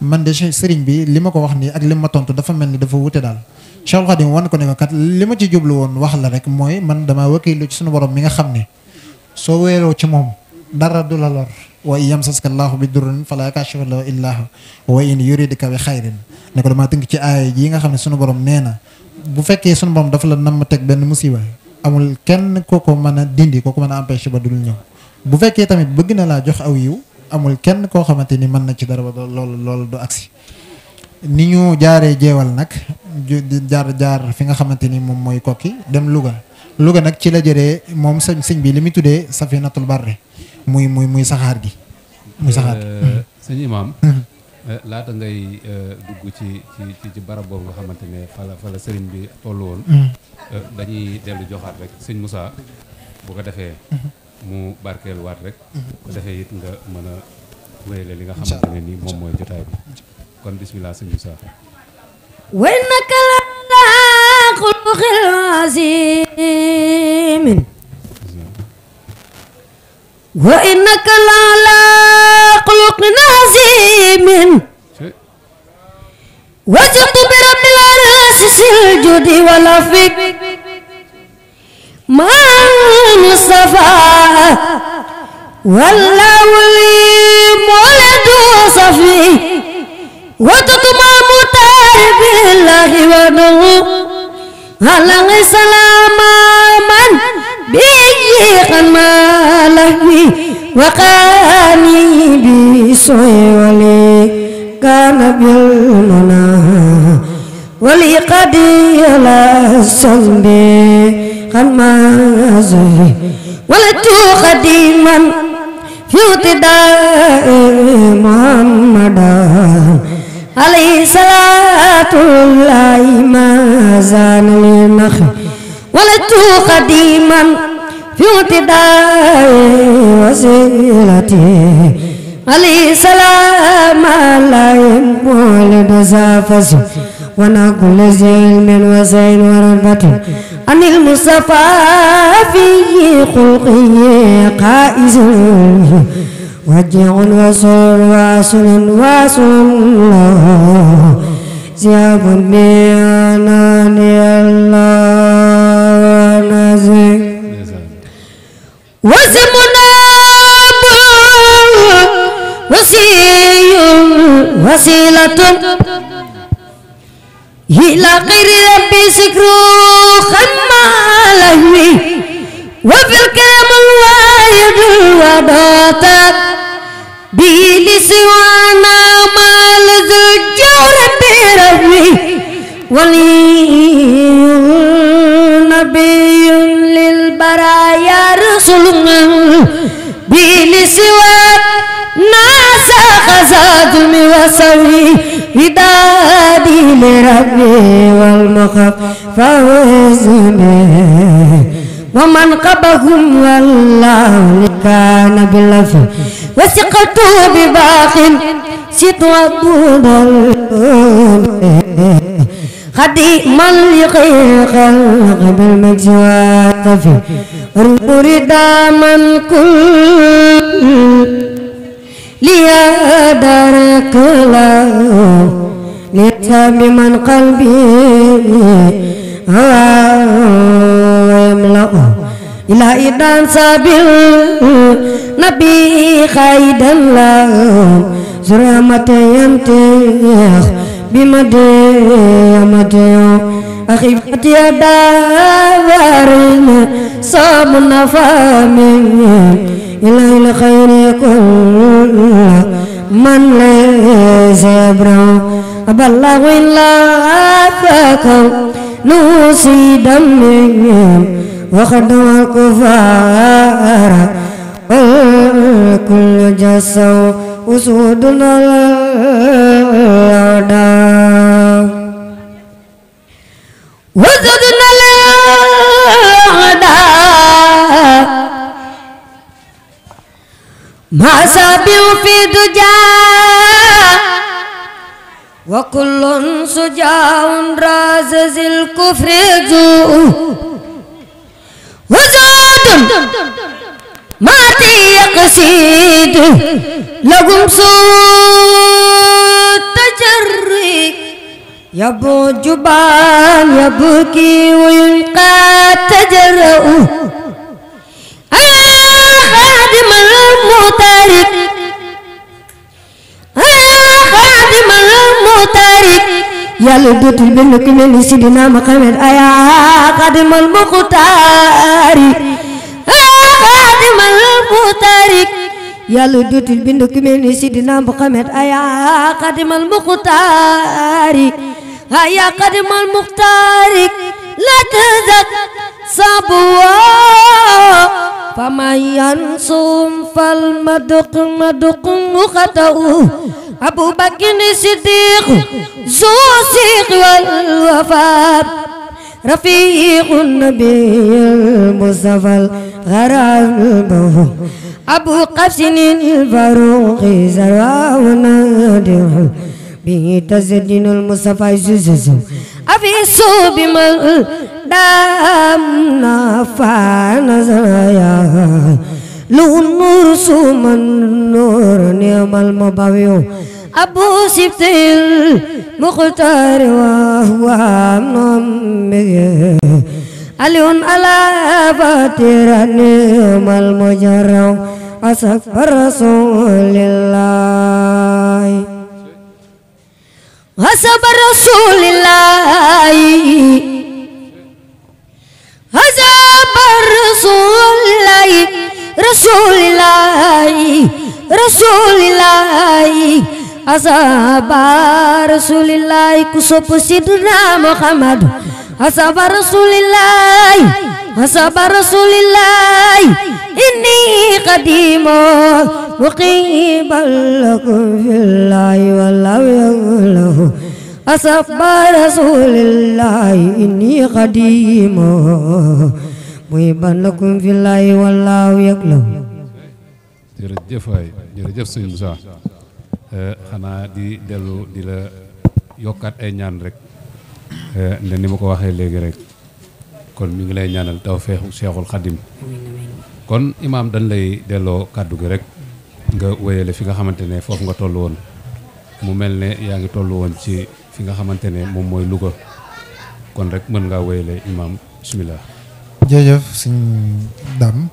man de sëriñ bi li ma ko wax nii ak li ma tontu dafa mel ni dafa wute daal. Cheikh Khadim wan ko ne ko kat lima ci djublu won wax la rek moy man dama wakilu ci sunu borom mi nga xamne so wero ci mom dara du la lor wa in yamsaska allahu bi durrin fala kashifa la illa wa in yuridka bi khairin ne ko dama tënk ci ay yi nga xamne sunu borom neena bu fekke sunu borom dafa la nam tek ben musiba amul kenn koko mana dindi koko mana empêcher ba dul ñew bu fekke tamit bëgg na la jox aw yiw amul kenn ko xamanteni man na ci dara ba lol niñu jaaré djéwal nak, jaar jaar fi nga xamanteni mom moy koki dem luga luga nak ci la jëree mom señ señ bi limi muy safinatul barri muy muy muy sahar gi muy sahar euh, mhm. señ imam imaam mhm. euh, laata ngay euh, dugg ci ci ci barab boobu nga fa la fala fala señ bi tollu won mhm. dañuy delu joxat rek señ Moussa bu ko défé mu barkel wat rek ko défé yit nga mëna a li nga xamanteni mom moy jotay bi kon bismillah sëñ Moussa wa innaka la ala xuluqin azim wa innaka la ala xuluqin azim وجدت برب العرس الجود والافق ما المصطفى والله لي مولد صفي وقت تمام مطار بالله ونو هلا سلام من بيجي خمالهي وقاني بسوي ولي كان بالمنى ولي قد لا سنبي خمازي ولدت قديما في ابتداء محمدا عليه الصلاة والله ما زان لنخ ولدت قديما في اعتداء وسيلتي عليه سلام الله مولد زافز وانا كل زين من وزين ورغبتي عن المصطفى في خلقه قائز وجه وصول واصل واصل الله زياب بأنان الله نزيل واسمنا وسيل وسيلة إلى غير ربي سكرو خمالي وفي الكلام دیوانا مال دل جور تیرا وی ولی نبی للبرایا رسول بلسوا ناس خزاد وسوي ودادي لربي والمخف فوزني ومن قبهم والله كان بالعفو وثقته بباق خدي من يقيق خلق بالمجوات في انظر داما كل الله له من قلبي آه لغو إلى إدان سابل نبي خايدا لغو زرامة يمتيخ بمدي مدي أخيفتي يا دارين صابنا فامين إلى الخير كل من ليس يبرو أبلغ إلا فاكو نوسي دمين وخدم الكفار والكل جسوا أسودنا الأعداء وزدنا الأعداء ما سابوا في دجا وكل سجاع رازز الكفر جوء وزاد ماتي يقصيد لهم صوت تجري يبو جبان يبكي ويلقى تجرؤه أيا خادم المتارك أيا خادم المتارك yàlla dootul benn ku mel ni sidina Muhammad aya xadimal muxtaari xadimal muxtaari yàlla dootul benn ku mel ni sidina Muhammad aya xadimal muxtaari aya xadimal muxtaari la tëzak sabuwoo fa ma yansum fal maduq maduq muxatawu أبو بكر صديق زو صدق والوفاء رفيق النبي المصطفى الغرام أبو قاسم الفاروق زرع ونادر به تزدين المصطفى زوزو أبي صوب من دام نافع نزايا لون نور سومن نور نعمل مباویو ابو سبتل مختار وهو ممي عليون على باتر نعمل مجرم أسف رسول الله حسب رسول الله حسب رسول الله rasulillahi rasulillahi asaba rasulillahi ku sidna muhammadu asaba rasulillahi inni qadimo muqibal lakum fillahi wallahu yaqulu asaba rasulillahi inni qadimo muhibban lakum fillahi wallahu ya'lam jërëjëf waay jërëjëf sëñ Moussa eh, xanaa di dellu di la yokkaat ay ñaan rek eh, nde ni ma ko waxee léegi rek kon mi ngi lay ñaanal tawfeexu Seexul Xadim kon imaam dañ lay delloo kàddu gi rek nga wéyale fi nga xamante ne foofu nga toll woon mu mel ne yaa ngi toll woon ci fi nga xamante ne moom mooy Louga kon rek mën ngaa wéyale imaam bismillah jërëjëf suñ daam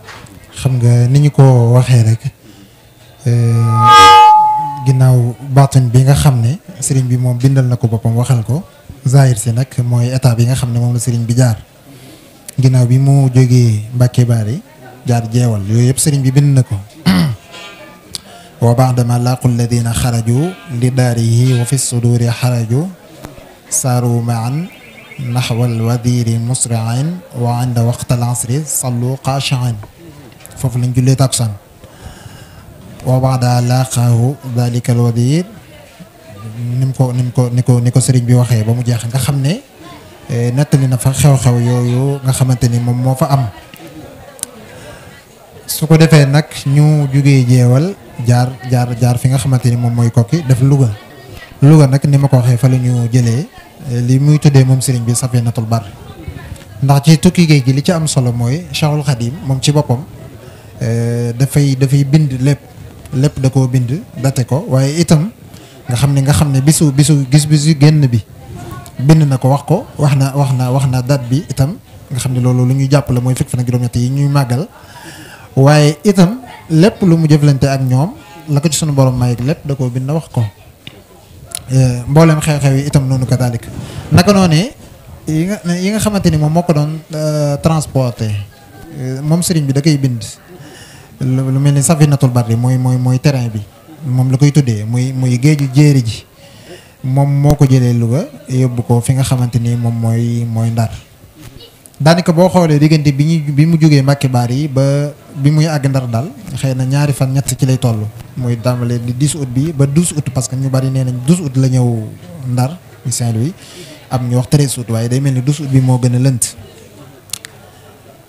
xam nga ni ñu ko waxee rek euh, ginnaaw baatuñ bi nga xam ne sëriñ bi moom bindal na ko boppam waxal ko zahir si nag mooy état bi nga xam ne moom la sëriñ bi jaar ginnaaw bi mu jógee Mbàkke Baari jaar jeewal yooyu yëpp sëriñ bi bind na ko [clears throat] wa baadama laqu alladina xaraju li daarihi wa fi suduri xaraju saaru maan نحو الوذير مسرع وعند وقت العصر صلوا قاشعا فوف لن جولي تاكسان وبعد لاقاه ذلك الوذير نمكو نمكو نيكو نيكو سيرن بي واخه بامو جاخ nga xamne eh, netali na fa xew xew yoyu nga xamanteni mom mo fa am su ko defee nag ñu jugee jeewal jaar jaar jaar fi nga xamante ni moom def Louga Louga nag ni ko fa la ñu Eh, li muy tuddee moom sëriñ bi safinatul bar ndax ci tukki géej gi li ci am solo mooy Cheikhul Khadim moom ci boppam eh, dafay dafay bind lépp lépp da koo bind date ko waaye itam nga xam ne nga xam ne bisu bisu gis bisu génn bi bind na ko wax ko wax na wax na wax na date bi itam nga xam ne loolu lu ñuy jàppale mooy fekk fan ak yi ñuy màggal waaye itam lépp lu mu jëflante ak ñoom la ko ci sunu borom may lépp da ko bind wax ko Eh, mbooleem xew-xew yi itam noonu kadalik naka noonu yi nga yi nga xamante ni moom moo ko doon eh, transporté eh, moom sëriñ bi da koy bind lu mel ni safinatul barri mooy mooy mooy terrain bi moom la koy tuddee muy muy géeju jéeri ji moom moo ko jëlee Louga yóbbu ko fi nga xamante ni moom mooy mooy Ndar daanaka boo xoolee diggante bi ñu bi mu jógee Màkki Baar yi ba bi muy ag Ndar dal xeyna ñaari fan ñett ci lay tollu muy damalé di 10 août bi ba 12 août parce que ñu bari nee 12 août la ñëw Ndar ni Saint-Louis am ñu wax 13 août waye day melni 12 août bi mo gëna leunt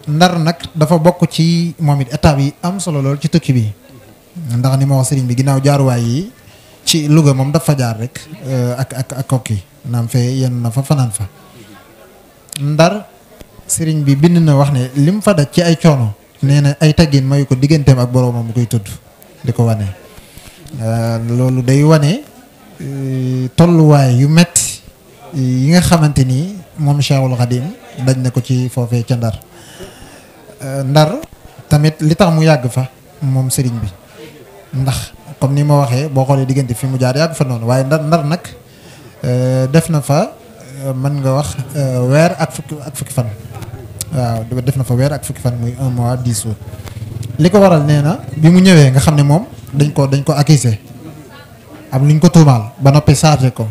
Ndar nak dafa bokk ci momit état étape yi am solo lol ci tukki bi ndax ni mo wax serigne bi ginaaw jaar way yi ci Louga mom dafa jaar rek. Euh, ak ak ak kokki nam fe yenn na fa fanan fa Ndar. sëriñ bi bind na wax ne lim fa daj ci ay coono nee na ay teggin mayu ko digganteem ak boroomam mu koy tudd di ko wane. Euh, loolu day wane euh, tolluwaay yu metti yi nga xamante ni moom Cheikhul Khadim daj na ko ci foofee ca ndar euh, ndar tamit li tax mu yàgg fa moom sëriñ bi ndax comme ni ma waxee boo xoolee diggante fi mu jaar yàgg fa noonu waaye ndar ndar nag def na fa. Euh, mën nga wax euh, weer ak fukki ak fukki fan waaw def na fa weer ak fukki fan muy un mois dix jours li ko waral nee na bi mu ñëwee nga xam ne moom dañ ko dañ ko accusé am lu ko tuumaal ba noppi chargé ko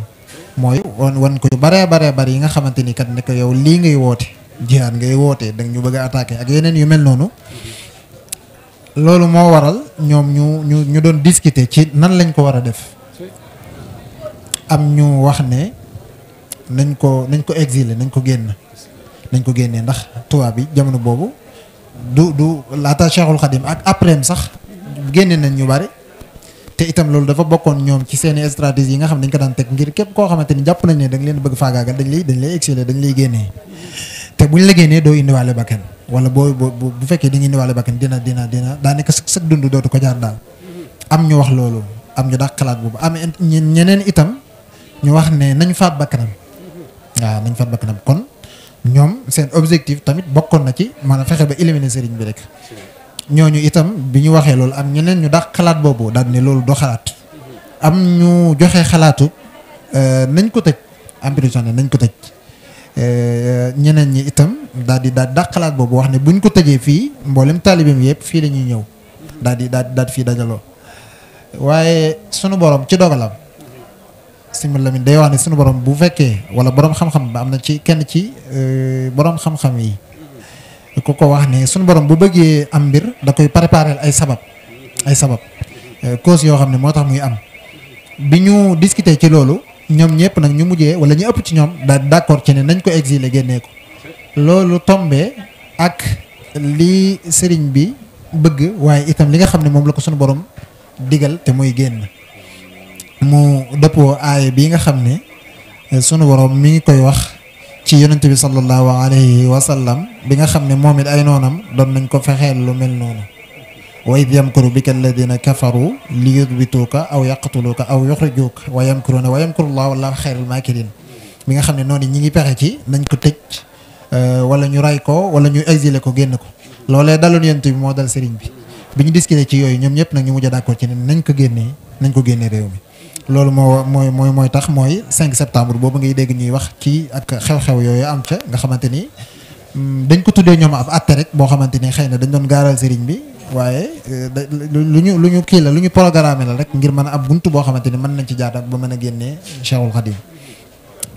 mooy wan wan ko yu baree baree bari yi nga xamante ni kat ne ko yow lii ngay woote jihaad ngay wootee danga ñu bëgg a ak yeneen yu mel noonu loolu moo waral ñoom ñu ñu ñu doon discuter ci nan lañ ko war a def am ñu wax ne nañ ko nañ ko exiler nañ ko génn nañ ko génnee ndax tubaab bi jamono boobu du du laata Cheikhul Khadim ak après sax génne nañ ñu bari te itam loolu dafa bokkoon ñoom ci seeni stratégie yi nga xam ne dañ ko daan teg ngir képp koo xamante ni jàpp nañ ne dañ leen bëgg faagaagal dañ lay dañ lay exiler dañ lay génnee te buñ la génnee doo indiwaale bakkan wala boo bu fekkee dañuy indiwaale bakkan dina dina dina daanaka sa dund dootu ko jaar daal am ñu wax loolu am ñu daq xalaat boobu am ñeneen itam ñu wax ne nañ faat bakkanam waaw nañ faat ba kanam kon ñoom seen objectif tamit bokkoon na ci maanaam fexe ba éliminer sëriñ bi rek ñooñu itam bi ñu waxee loolu am ñeneen ñu dax xalaat boobu daal ne loolu doo xalaat am ñu joxe xalaatu euh, nañ ko tëj emprisonné nañ ko tëj euh, ñeneen ñi itam daal di daal dax xalaat boobu wax ne buñ ko tëjee fii mboolem taalibeem yëpp fii lañuy ñëw daal di fii dajaloo waaye sunu borom ci dogalam sëñ Malamine day wax ne suñu boroom bu fekkee wala borom xam-xam ba am na ci kenn ci euh, borom xam-xam yi ku ko wax ne suñu borom bu bëggee am mbir da koy préparer ay sabab ay sabab euh, cause yoo xam ne moo tax muy am bi ñu discuter ci loolu ñoom ñëpp nag ñu mujjee wala ñu ëpp ci ñoom daal d'accord ci ne nañ ko exiler génnee ko loolu tombé ak li sëriñ bi bëgg waaye itam li nga xam ne moom la ko suñu borom digal te muy génn. mu dëppoo aaya bi nga xam ne sunu borom mi ngi koy wax ci yonent bi sallallahu alayhi wa sallam bi nga xam ne moom it ay noonam doon nañ ko fexeel lu mel noonu wa id yamkuru bika alladina kafaru li yudbituuka aw yaqtuluuka aw yuxrijuuka wa yamkuruuna wa yamkurullahu wallahu xayrul maakirin bi nga xam ne noonu ñi ngi pexe ci nañ ko tëj wala ñu ray ko wala ñu exilé ko génn ko loolee daloon yonent bi moo dal sëriñ bi bi ñu discuté ci yooyu ñoom ñëpp nag ñu mujj a d'accord ci ne nañ ko génnee nañ ko génnee réew mi loolu moo mooy mooy mooy tax mooy cinq septembre boobu ngay dégg ñuy wax ci ak xew-xew yooyu am ca nga xamante ni mm, dañ ko tuddee ñoom ab àtte rek boo xamante ni xëy na dañ doon gaaral sëriñ bi waaye euh, lu ñu lu ñu kii la lu ñu programme la rek ngir mën a am bunt boo xamante ni mën nañ ci jaataat ba mën a génnee Cheikhul Khadim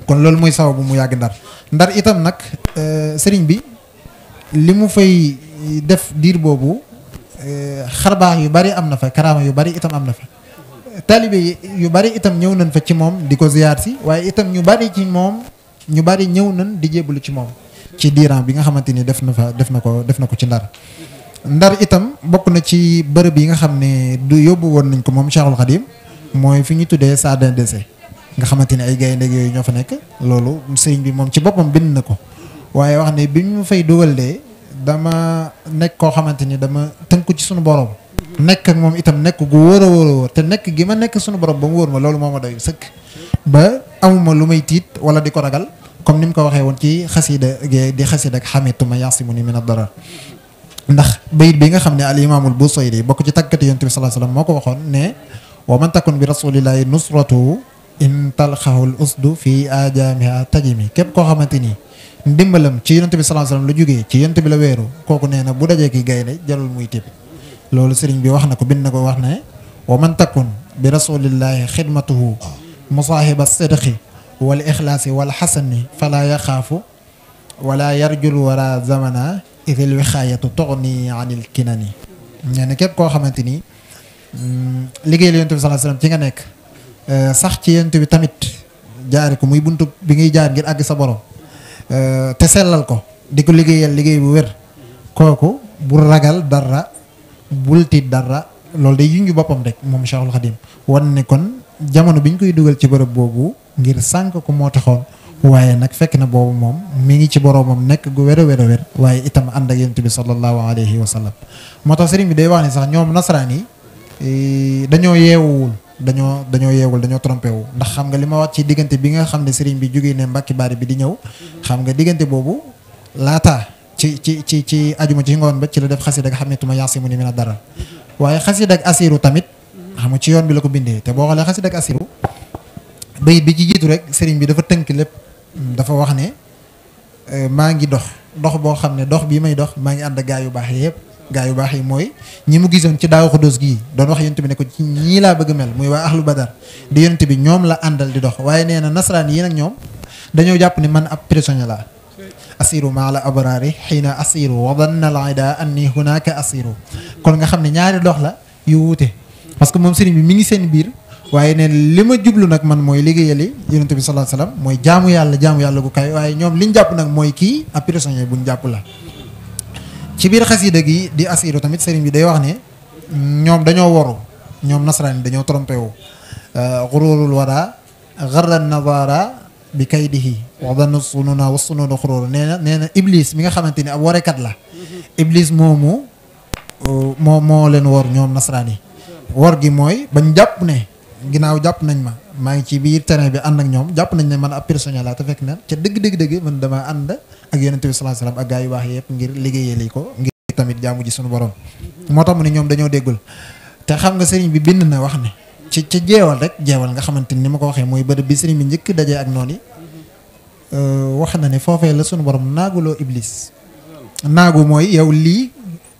kon loolu mooy saw bu mu yàgg ndar ndar itam nag euh, sëriñ bi li mu fay def diir boobu euh, xarbaax yu bari am na fa karaama yu bari itam am na fa taalibe yi yu bari itam ñëw nañ fa ci moom di ko ziyaar si waaye itam ñu bari ci moom ñu bari ñëw nañ di jébbalu ci moom ci diiran bi nga xamante ni def na fa def na ko def na ko ci ndar ndar itam bokk na ci bërëb yi nga xam ne du yóbbu woon nañ ko moom Cheikhul Khadim mooy fi ñu tuddee Sardin d'essai nga xamante ni ay gaynde yooyu ñoo fa nekk loolu sëriñ bi moom ci boppam bind na ko waaye wax ne bi ñu fay dugal de dama nekk koo xamante ni dama ko ci sunu borom. nek ak mom itam nek gu woro woro te nek gi ma nek sunu borom ba mu wóor ma lolou moma doy seuk ba amuma lumay tit wala diko ragal comme nim ko waxe won ci khasida di khasida ak hamitu ma yasimuni min ad-darar ndax bayit bi nga al ne al Busayri bokku ci tagat yantabi sallallahu alayhi wasallam moko waxon ne wa man takun bi rasulillahi nusratu in al usdu fi ajamiha tajimi kep ko xamanteni ni ndimbalam ci yantabi sallallahu alayhi wasallam lu joge ci yantabi la wero koku neena bu dajee ki gayne jarul muy loolu sëriñ bi wax na ko bind na ko wax ne wa man takun bi rasulillahi xidmatuhu musaahiba sidqi wal ixlaasi wal xasani fala yaxaafu wala yarjul wara zamana idil wixaayatu tuxni anil kinani nee na képp koo xamante ni mm, liggéeyal yonent bi nga nekk euh, sax ci yonent bi tamit jaari ko muy buntu bi ngay jaar ngir àgg sa borom euh, te sellal ko di ko liggéeyal liggéey bu wér kooku bu ragal dara bul dara lol day junj bopam rek mom Cheikhul Khadim wan ne kon jamono biñ koy duggal ci borob bobu ngir sank ko mo taxoon waye nak fekk na bobu mom mi ngi ci boromam nek gu wér a wér waye itam and ak yentibi sallallahu alayhi wa sallam mota tax bi day wax ni sax ñom nasrani yi yewul yeewuwul dañu dañoo yeewul trompé wu ndax xam nga lima ci digënté bi nga xam ne bi jógee né mbàkki bari bi di ñew xam nga digënté bobu lata ci ci ci ci ajuma ci ngoon ba ci la def xasida ak xam ne tuma yaasi mu ni mina dara waaye xasida ak asiru tamit xam nga ci yoon bi la ko bindee te boo xoolee xasida ak asiru bayit bi ci jiitu rek sëriñ bi dafa tënk lépp dafa wax ne euh, maa ngi dox dox boo xam ne dox bii may dox maa ngi ànd ak gaa yu baax yëpp gaa yu baax yi mooy ñi mu gisoon ci daaw xudóos gii doon wax yonent bi ne ko ci ñii laa bëgg mel muy waa ahlu badar di yonent bi ñoom la àndal di dox waaye nee na nasaraan yi nag ñoom dañoo jàpp ne man ab prisonnier asiru maa la abraari xiina asiru wadanna al ida anni hunaka asiru kon nga xam ne ñaari dox la yu wuute parce que moom seriñ bi mi ngi seen biir waaye neen li ma jublu nag man mooy liggéeyali yonent bi sallallahu alayhi mooy jaamu yàlla jaamu yàlla gu kay waaye ñoom liñ jàpp nag mooy kii ab prisonnier buñ jàpp la ci biir xasida gi di asiru tamit sëriñ bi day wax ne ñoom dañoo waru ñoom nasaraan yi dañoo trompé wu wara xarran nazara bi kaydihi wa danu sununa wa sununu xurur nee na nee na iblis mi nga xamante ni ab warekat la iblis moomu uh, moo moo leen wor ñoom nasaraan yi wor gi mooy bañ jàpp ne ginnaaw jàpp nañ ma maa ngi ci biir terrain bi ànd ak ñoom jàpp nañ ne man ab personnel laa te fekk na ca dëgg dëgg dëgg mën dama ànd ak yonent bi sallallahu alayhi wasallam ak gaa yu baax yëpp ngir liggéeyee li ko ngir tamit jaamu ji suñu borom moo tax mu ne ñoom dañoo déggul te xam nga sëriñ bi bind na wax ne ci ci jeewal rek jeewal nga xamante ni ma ko waxee mooy bërëb bi sëriñ bi njëkk dajee ak noonu yi euh, wax na ne foofee la sunu borom naaguloo iblis naagu mooy yow lii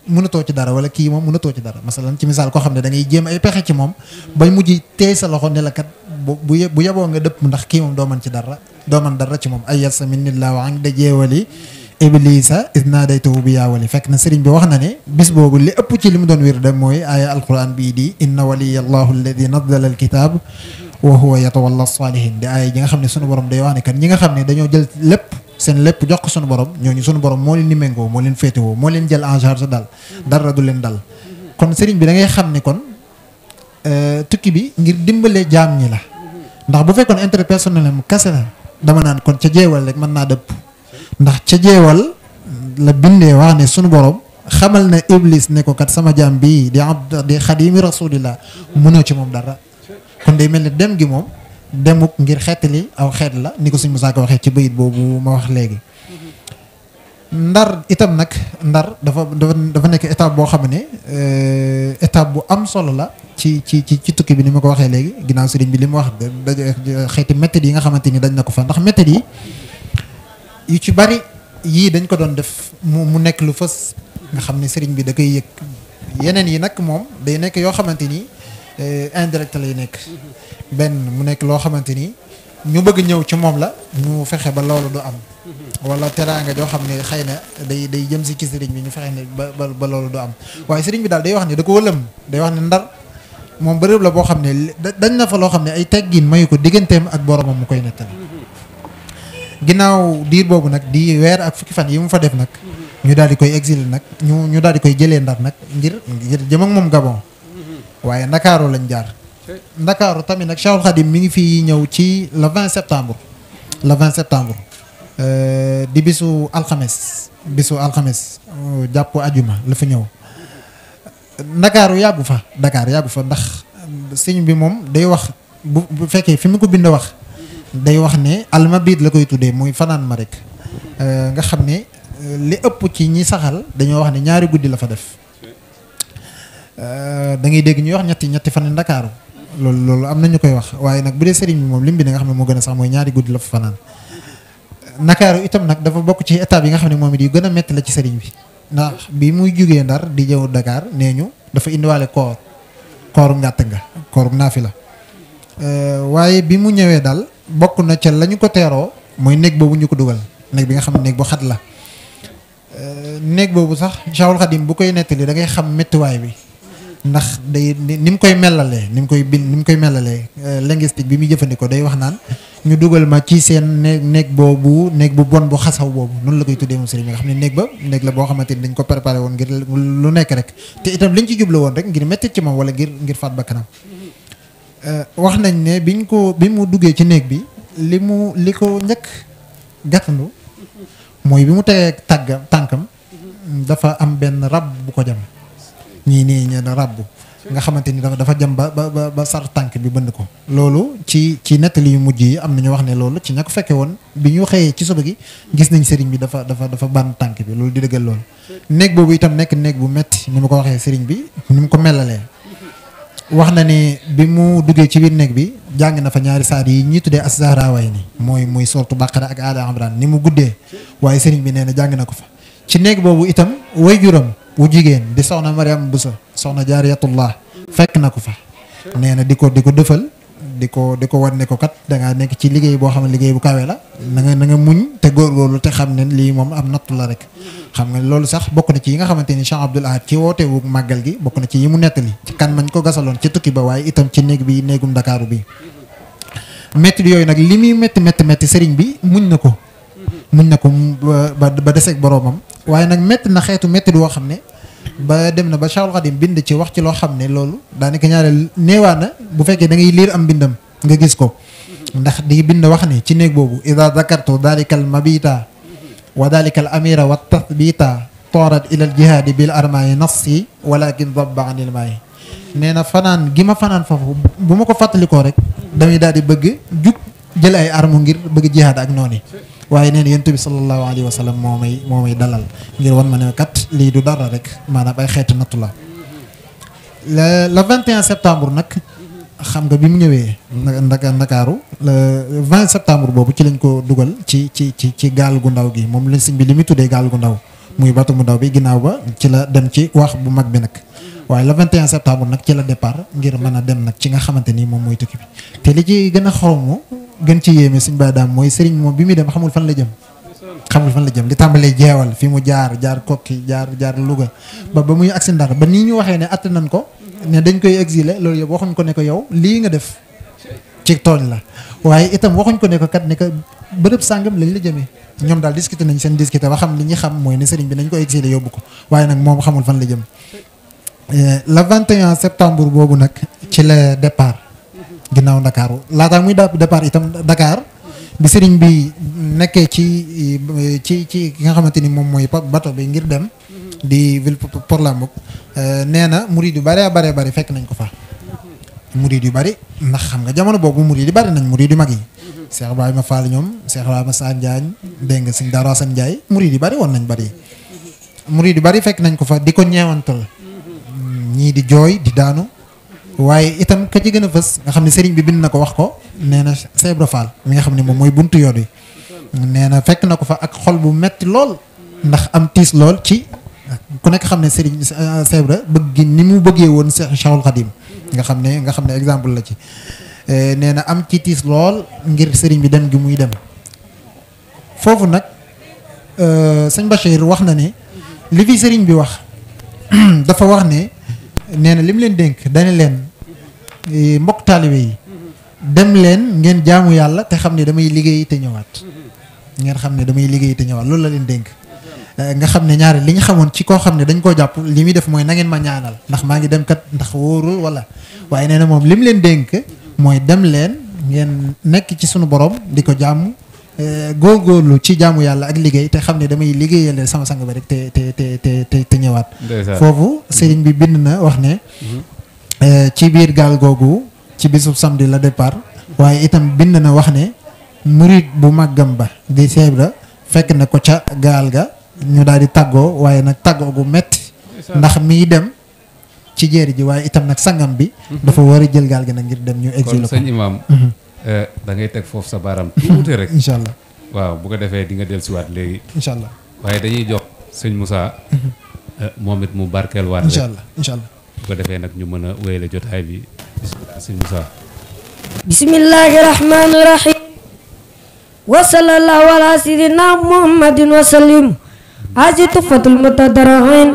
mënatoo ci dara wala kii moom mënatoo ci dara masalan ci misaal koo xam ne dangay ngay ay pexe ci moom bañ mujj teey sa loxo ne la kat bu bu yeboo nga dëpp ndax kii moom doo mën ci dara doo dara ci moom ay yasaminillaahu an da jeewal yi ابليس اذ ناديته بيا ولي فك نسرين بي واخنا ني بيس بوغو لي اوب تي لم دون ويرد موي اي القران بي دي ان ولي الله الذي نزل الكتاب وهو يتولى الصالحين دي اي جيغا خامني سونو بوروم دي واخني كان نيغا خامني دانيو جيل لب سن لب جوخ سونو بوروم نيو ني سونو بوروم مو لين ني فيتو مو لين جيل ان شارج دال دار دو دال كون سيرين بي داغي خامني كون ا بي غير ديمبل جام ني لا ndax bu fekkon interpersonnel am kasse na dama nan kon ca jewal ndax ca jeewal la bindee wax ne sunu borom xamal na iblis ne ko kat sama jaam bii di abd di xadimi rasulillah mënoo ci moom dara kon day mel ne dem gi moom demuk ngir xeetali aw xeet la ni ko suñ Musaa Ka waxee ci bayit boobu ma wax léegi ndar itam nag ndar dafa dafa nekk étape boo xam ne étape bu am solo la ci ci ci ci tukki bi ni ma ko waxee léegi ginnaaw sëriñ bi li mu wax xeeti méthode yi nga xamante ni dañ na ko fa ndax méthode yi yu ci bari yii dañ ko doon def mu mu nekk lu fës nga xam ne sëriñ bi da koy yëg yeneen yi nag moom day nekk yoo xamante ni eh, indirect lay nekk benn mu nekk loo xamante ni ñu bëgg ñëw ci moom la ñu fexe ba loolu du am wala teraanga joo xam ne xëy na day day jëm si ci sëriñ bi ñu fexe ba ba loolu waaye sëriñ bi daal day wax ne da ko wëlëm day wax ne ndar moom bërëb la boo xam ne dañ na fa loo xam ne ay teggin mayu ko digganteem ak boromam mu koy nettali ginnaaw diir boobu nag di weer ak fukki fan yi mu fa def nag ñu daal koy exilé nag ñu ñu daal di koy jëlee ndar nag ngir ngir jëm ak moom Gabon waaye ndakaaru lañ jaar ndakaaru tamit nag Cheikhul Khadim mi ngi fii ñëw ci le 20 septembre le 20 septembre euh, di bisu alxames bisu alxames euh, jàpp ajuma la fi ñëw ndakaaru yàggu fa ndakaar yàggu fa ndax euh, sëñ bi moom day wax bu bu fekkee fi mu ko bind wax day wax ne almabid la koy tuddee muy fanaan ma rek euh, nga xam ne euh, li ëpp ci ñi saxal dañoo wax ne ñaari guddi la fa def euh, da ngay dégg ñuy wax ñetti ñetti fan ndakaaru loolu loolu am na ñu koy wax waaye nag bu dee sëriñ bi moom lim bi nga xam ne moo gën a sax mooy ñaari guddi la fa fanaan ndakaaru itam nag dafa bokk ci étape yi nga xam ne moom it yu gën a metti la ci sëriñ bi ndax bi muy jógee ndar di jëw Dakar nee ñu dafa indiwaale koor kooru ngàtt nga kooru naafi la waaye bi mu ñëwee daal bokk na ca la ñu ko teeroo mooy néeg boobu ñu ko dugal néeg bi nga xam ne néeg bu xat la euh, néeg boobu sax Cheikhul Khadim bu koy nettali da ngay xam méttiwaay bi ndax day ni mu koy melalee ni mu koy bind ni mu koy melalee euh, linguistique bi muy jëfandikoo day wax naan ñu dugal ma ci seen néeg néeg boobu néeg bu bon bu xasaw boobu noonu la koy tuddee mu sëriñ bi nga xam ne néeg ba néeg la boo xamante ni dañ ko préparé woon ngir lu nekk rek te itam liñ ci jublu woon rek ngir métti ci moom wala ngir ngir faat bakkanam Euh, wax nañ ne biñ ko bi mu duggee ci néeg bi li mu li ko njëkk gàttandu mooy bi mu tegee tàgga tànkam dafa am benn rab bu ko jam ñii nii ñeen na rab nga xamante ni dafa jam ba ba ba sar tànk bi bënd ko loolu ci ci nettali yu mujj yi am na ñu wax ne loolu ci ña ko fekke woon bi ñu xëyee ci suba gi gis nañ sëriñ bi dafa dafa dafa bànn tànk bi loolu di dëggal loolu néeg boobu itam nekk néeg bu metti ni ma ko waxee sëriñ bi ni mu ko melalee wax na ne bi mu duggee ci biir néeg bi jàng na fa ñaari saar yi ñi tuddee Azzahrawayn ni mooy muy sortu Baqara ak Aali Imraan ni mu guddee waaye sëriñ bi nee na jàng na ko fa ci néeg boobu itam way juróom wu jigéen di soxna Mariam Bousso soxna Jaariyatullah fekk na ko fa nee na di ko di ko dëfal diko diko warna ko ne ko kat da nga nek ci liggéey bo xamne ne bu kawé la na nga na nga muñ te góorgóorlu te xam am natt la rek xam nga lolu sax bokku na ci yi nga xamanteni Cheikh Abdoul Ahad ci woote wu magal gi bokku na ci yi mu netali ci kan mañ ko gasaloon ci tukki ba way itam ci neeg bi neegum Dakar bi metti yoy nak limi metti metti metti serigne bi muñ nako muñ nako ba desek deseeg boroomam waaye nag metti na xeetu metti do xam ba dem na ba Cheikhul Khadim bind ci wax ci loo xam ne loolu daanaka ñaareel néewaa bu fekkee dangay ngay liir am mbindam nga gis ko ndax di bind wax ni ci néeg boobu ida zakartu dalika al mabita wa dalika al amira wa tathbita toorat ila al jihaadi bil armaayi nassi walakin dabba anil ma nee na fanaan gi ma fanaan foofu bu ma ko fàttalikoo rek damay daal di bëgg jug jël ay arme ngir bëgg jihaad ak noonu waaye nee na yonent bi sallallahu alayhi wa sallam moo may moo may dalal ngir wan ma ne kat lii du dara rek maanaam ay xeetu nattu la le le 21 septembre nag xam nga bi mu ñëwee. ndaka ndakaaru le 20 boobu ci lañ ko dugal ci ci ci ci gaal gu ndaw gi moom la sëñ bi li muy tuddee gaal gu ndaw. muy batu mu ndaw bi ginnaaw ba ci la dem ci wax bu mag bi nag. waaye le 21 septembre nag ci la départ ngir mën a dem nag ci nga xamante ni moom mooy tukki bi te li ci gën a xoromu gën ci yéeme suñ baadaam mooy sëriñ moom bi muy dem xamul fan la jëm xamul fan la jëm li tàmbalee jeewal fi mu jaar jaar kokki jaar jaar Louga ba ba muy agsi Ndar ba nii ñu waxee ne atte nañ ko ne dañ koy exiler loolu yëpp waxuñ ko ne ko yow lii nga def ci tooñ la waaye itam waxuñ ko ne ko kat ne ko bërëb sàngam lañ la jëmee ñoom daal discuter nañ seen discuter ba xam li ñu xam mooy ne sëriñ bi nañ ko exiler yóbbu ko waaye nag moom xamul fan la jëm euh, le 21 septembre boobu nag ci la départ ginnaaw ndakaaru latang muy départ itam Dakar bi serigne bi nekké ci ci ci ki nga xamanteni mom moy bato bi ngir dem di ville pour la mok eh, na murid yu bare bare bare fekk nañ ko fa mouride yu bari ndax xam nga jamono bobu mouride bari nañ mouride magi cheikh baye ma Fall Cheikh Ibrahima Sane Diagne dégg nga sëñ Daaru Asan Ndiaye bari won nañ bari mouride bari fekk nañ ko fa di ñewantal ñi di joy, di daanu waaye itam ka ci gën a fës nga xam ne sëriñ bi bind na ko wax ko nee na Cheikh Ibra nga xam ne moom mooy buntu yoon wi nee na fekk na ko fa ak xol bu metti lool ndax am tiis lool ci ku nekk xam ne sëriñ Cheikh Ibra bëgg ni mu bëggee woon Cheikhul Khadim nga xam ne nga xam ne exemple la ci euh, nee na am ci tiis lool ngir sëriñ bi dem gi muy dem foofu nag euh, sëñ Bachir wax na ne li fi sëriñ bi wax [clears throat] dafa wax ne nee na li leen dénk dana leen mbokk taalibe yi dem leen ngeen jaamu yàlla te xam ne damay liggéey te ñëwaat ngeen xam ne damay liggéey te ñëwaat loolu la leen dénk eh, nga xam ne ñaari li ñu xamoon ci koo xam ne dañ koo jàpp li muy def mooy nangeen ma ñaanal ndax maa ngi dem kat ndax wóorul wala waaye nee na moom li leen dénk mooy dem leen ngeen nekk ci sunu borom di ko jàmm Euh, góor góorlu ci jaamu yàlla ak liggéey te xam ne damay liggéeyal sama sang ba rek te te te te te ñëwaat. foofu sëriñ bi bind na wax ne. Mhm. Euh, ci biir gaal googu ci bisub samedi la départ waaye itam bind na wax ne murit bu màggam ba di seebra fekk na ko ca gaal ga ñu daal di tàggoo waaye nag tàggoo gu metti ndax miy dem ci jéeri ji waaye itam nag sangam bi mhm. dafa war a jël gaal gi nag ngir dem ñu exil ko Eh, da ngay tek fofu sa baram touté rek. inshallah waaw bu ko défé di nga dellusiwaat wat légui inshallah waye dañuy jox seigne Moussa. Mhm. euh momit mu barkel wat inshallah inshallah bu ko défé nak ñu mëna a jotay bi bismillah seigne Moussa. bismillahirrahmanirrahim wa sallallahu ala sayyidina muhammadin wa sallim. هذه mutadarahin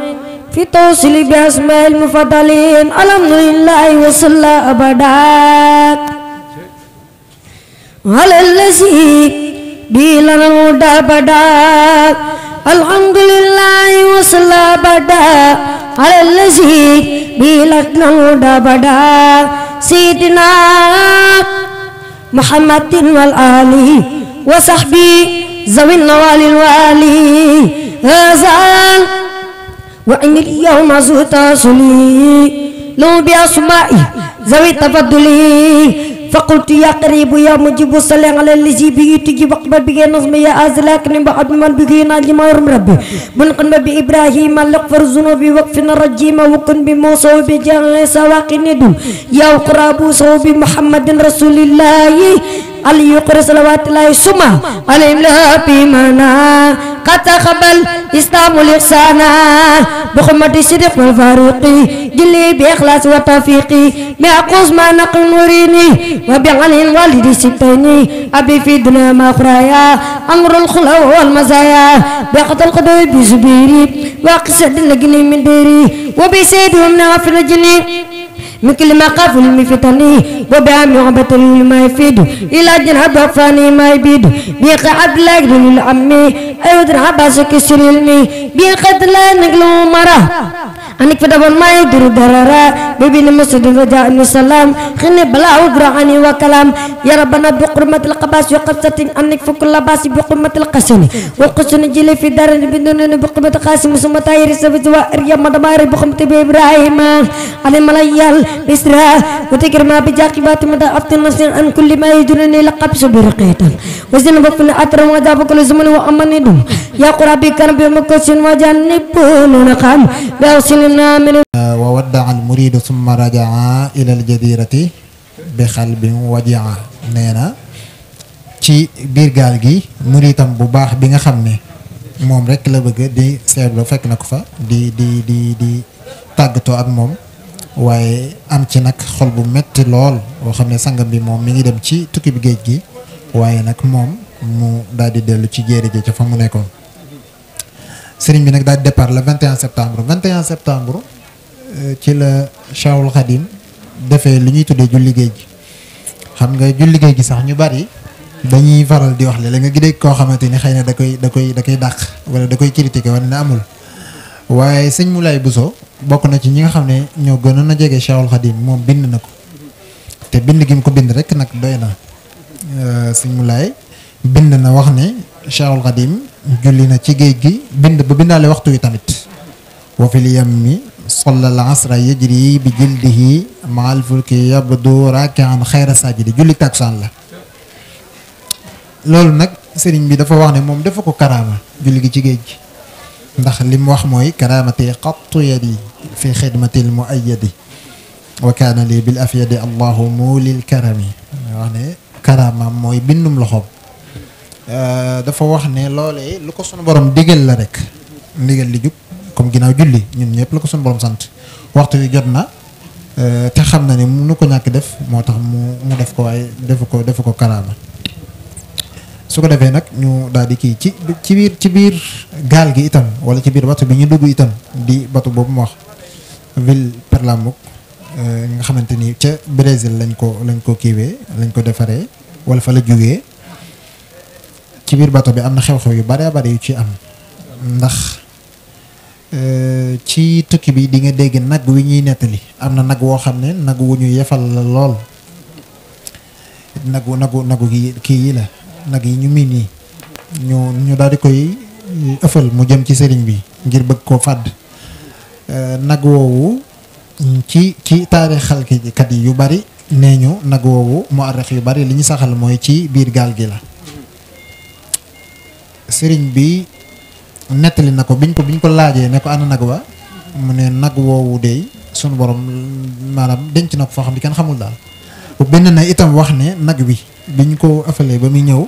fi tawsil bi asma'il mufaddalin الحمد wa sallallahu abada على الذي بلا نودا بدا الحمد لله وصلى بدا على الذي بلا نودا بدا سيدنا محمد والآلي وصحبي ذوي النوال الوالي غزال وإن اليوم زهت صلي لو بأسمائي ذوي تفضلي فقلت يا قريب يا مجيب السلام على الذي به تجي اقبل به نظم يا ازلاك عبد من به ناجي يرم ربي من قلب بابراهيم لقفر الذنوب وقفنا الرجيم وكن بموسى وبجان عيسى واقندو يا اقرب صوب محمد رسول الله علي يقر صلوات الله ثم عليهم لها بمنا قد تقبل اسلام الاحسان محمد الصديق والفاروقي جلي باخلاص وتوفيقي ما بعقوز ما نقل نوريني وبعن الوالد ستيني أبي في دنا ما خرايا أمر الخلا والمزايا بقت القدوي بزبيري وأقصد لقني من ديري وبسيدهم نافل الجني من كل ما قاف المفتني وبعام يغبط ما يفيد إلى جنب فاني ما يبيد بيقعد لاجل للعمي أيود رحبا سكسر المي بيقعد لا نقلو مرة anik pada mai duru darara bibi nama sudin raja salam khini balau berani wa kalam ya rabbana bi qurmatil qabas wa qabsatin anik fukulabasi labas basi bi qurmatil qasini wa qasini jili fi darani bi bi qasim tayri wa riya madmari bi qurmati bi ibrahim alim malayal isra wa ma bi jaqibati mada aftin nasin an kulli ma yajuruni laqab subirqatan wa zin bi kulli atram wa dabu kulli zaman wa amanidum ya qurabi kan bi mukusin wa jannibun وودع المريد ثم رجع الى الجزيره بقلب وجع نينا تي بير غالغي مريتام بو باخ بيغا خامني موم رك لا بغا دي سيرلو فك نكو فا دي دي دي دي تاغتو اك موم واي ام تي نك خول بو مت لول و خامني سانغام بي موم ميغي دم تي توكي بي گيج گي واي نك موم مو دادي دلو تي جيري جي تي فامو نيكون sëriñ bi nag daal di vingt le 21 septembre 21 septembre euh, ci la Cheikhul Khadim defee lu ñuy tuddee julli géej gi xam nga julli géej sax ñu bari dañuy faral di wax léeg la nga gis koo xamante ni xëy na da koy da koy da koy dàq wala da koy critiquer wala ne amul waaye sëñ mulaay buso bokk na ci ñi nga xam ne ñoo gënoon a jege Cheikhul Khadim moom bind na ko te bind gi mu ko bind rek nag doy na euh, sëñ mulaay bind na wax ne Cheikhul Khadim جلنا تيجي بند ببند على وقته يتمت وفي اليوم صلى العصر يجري بجلده مع الفلك يبدو راكعا خير ساجد جل تاكسان الله لول نك سيرين بي دافا واخني موم كرامه جلي جي جيج ndax lim wax moy karamati qat yadi fi khidmati al muayyad wa kana li bil afyad allah mulil Euh, dafa wax ne loole lu ko sunu borom digal la rek ndigal li jub comme ginnaaw julli ñun ñëpp lu ko sunu borom sant waxtu yi jot na euh, te xam na ne mënu ko ñàkk def moo tax mu mu def ko waaye defu ko defu ko karaama su ko defee nag ñu daal di kii ci ci biir ci biir gaal gi itam wala ci biir batu bi ñu dugg itam di batu boobu mu wax ville Pernambouc euh, nga xamante ni ca Brésil lañ ko lañ ko kiiwee lañ ko defaree wala fa la jógee ci biir bato bi am na xew-xew yu bare bare yu ci am ndax eh, ci tukki bi di nga dégg nag wi ñuy nettali am na nag woo xam ne nag wu ñu yefal la lool nagu nagu nagu kii yi la nag yi ñu miin yi ñu daal di koy ëffal mu jëm ci sëriñ bi ngir bëgg koo fàdd eh, nag woowu ci ci taarixal kat yi yu bari nee ñu nag woowu mu arraf yu bari li ñu saxal mooy ci biir gaal gi la sëriñ bi nettali na ko biñ ko biñ ko laajee ne ko ana nag wa mu ne nag woowu dey suñu borom maanaam denc na ko foo xam ne kenn xamul daal benn na itam wax ne nag wi biñ ko afalee ba muy ñëw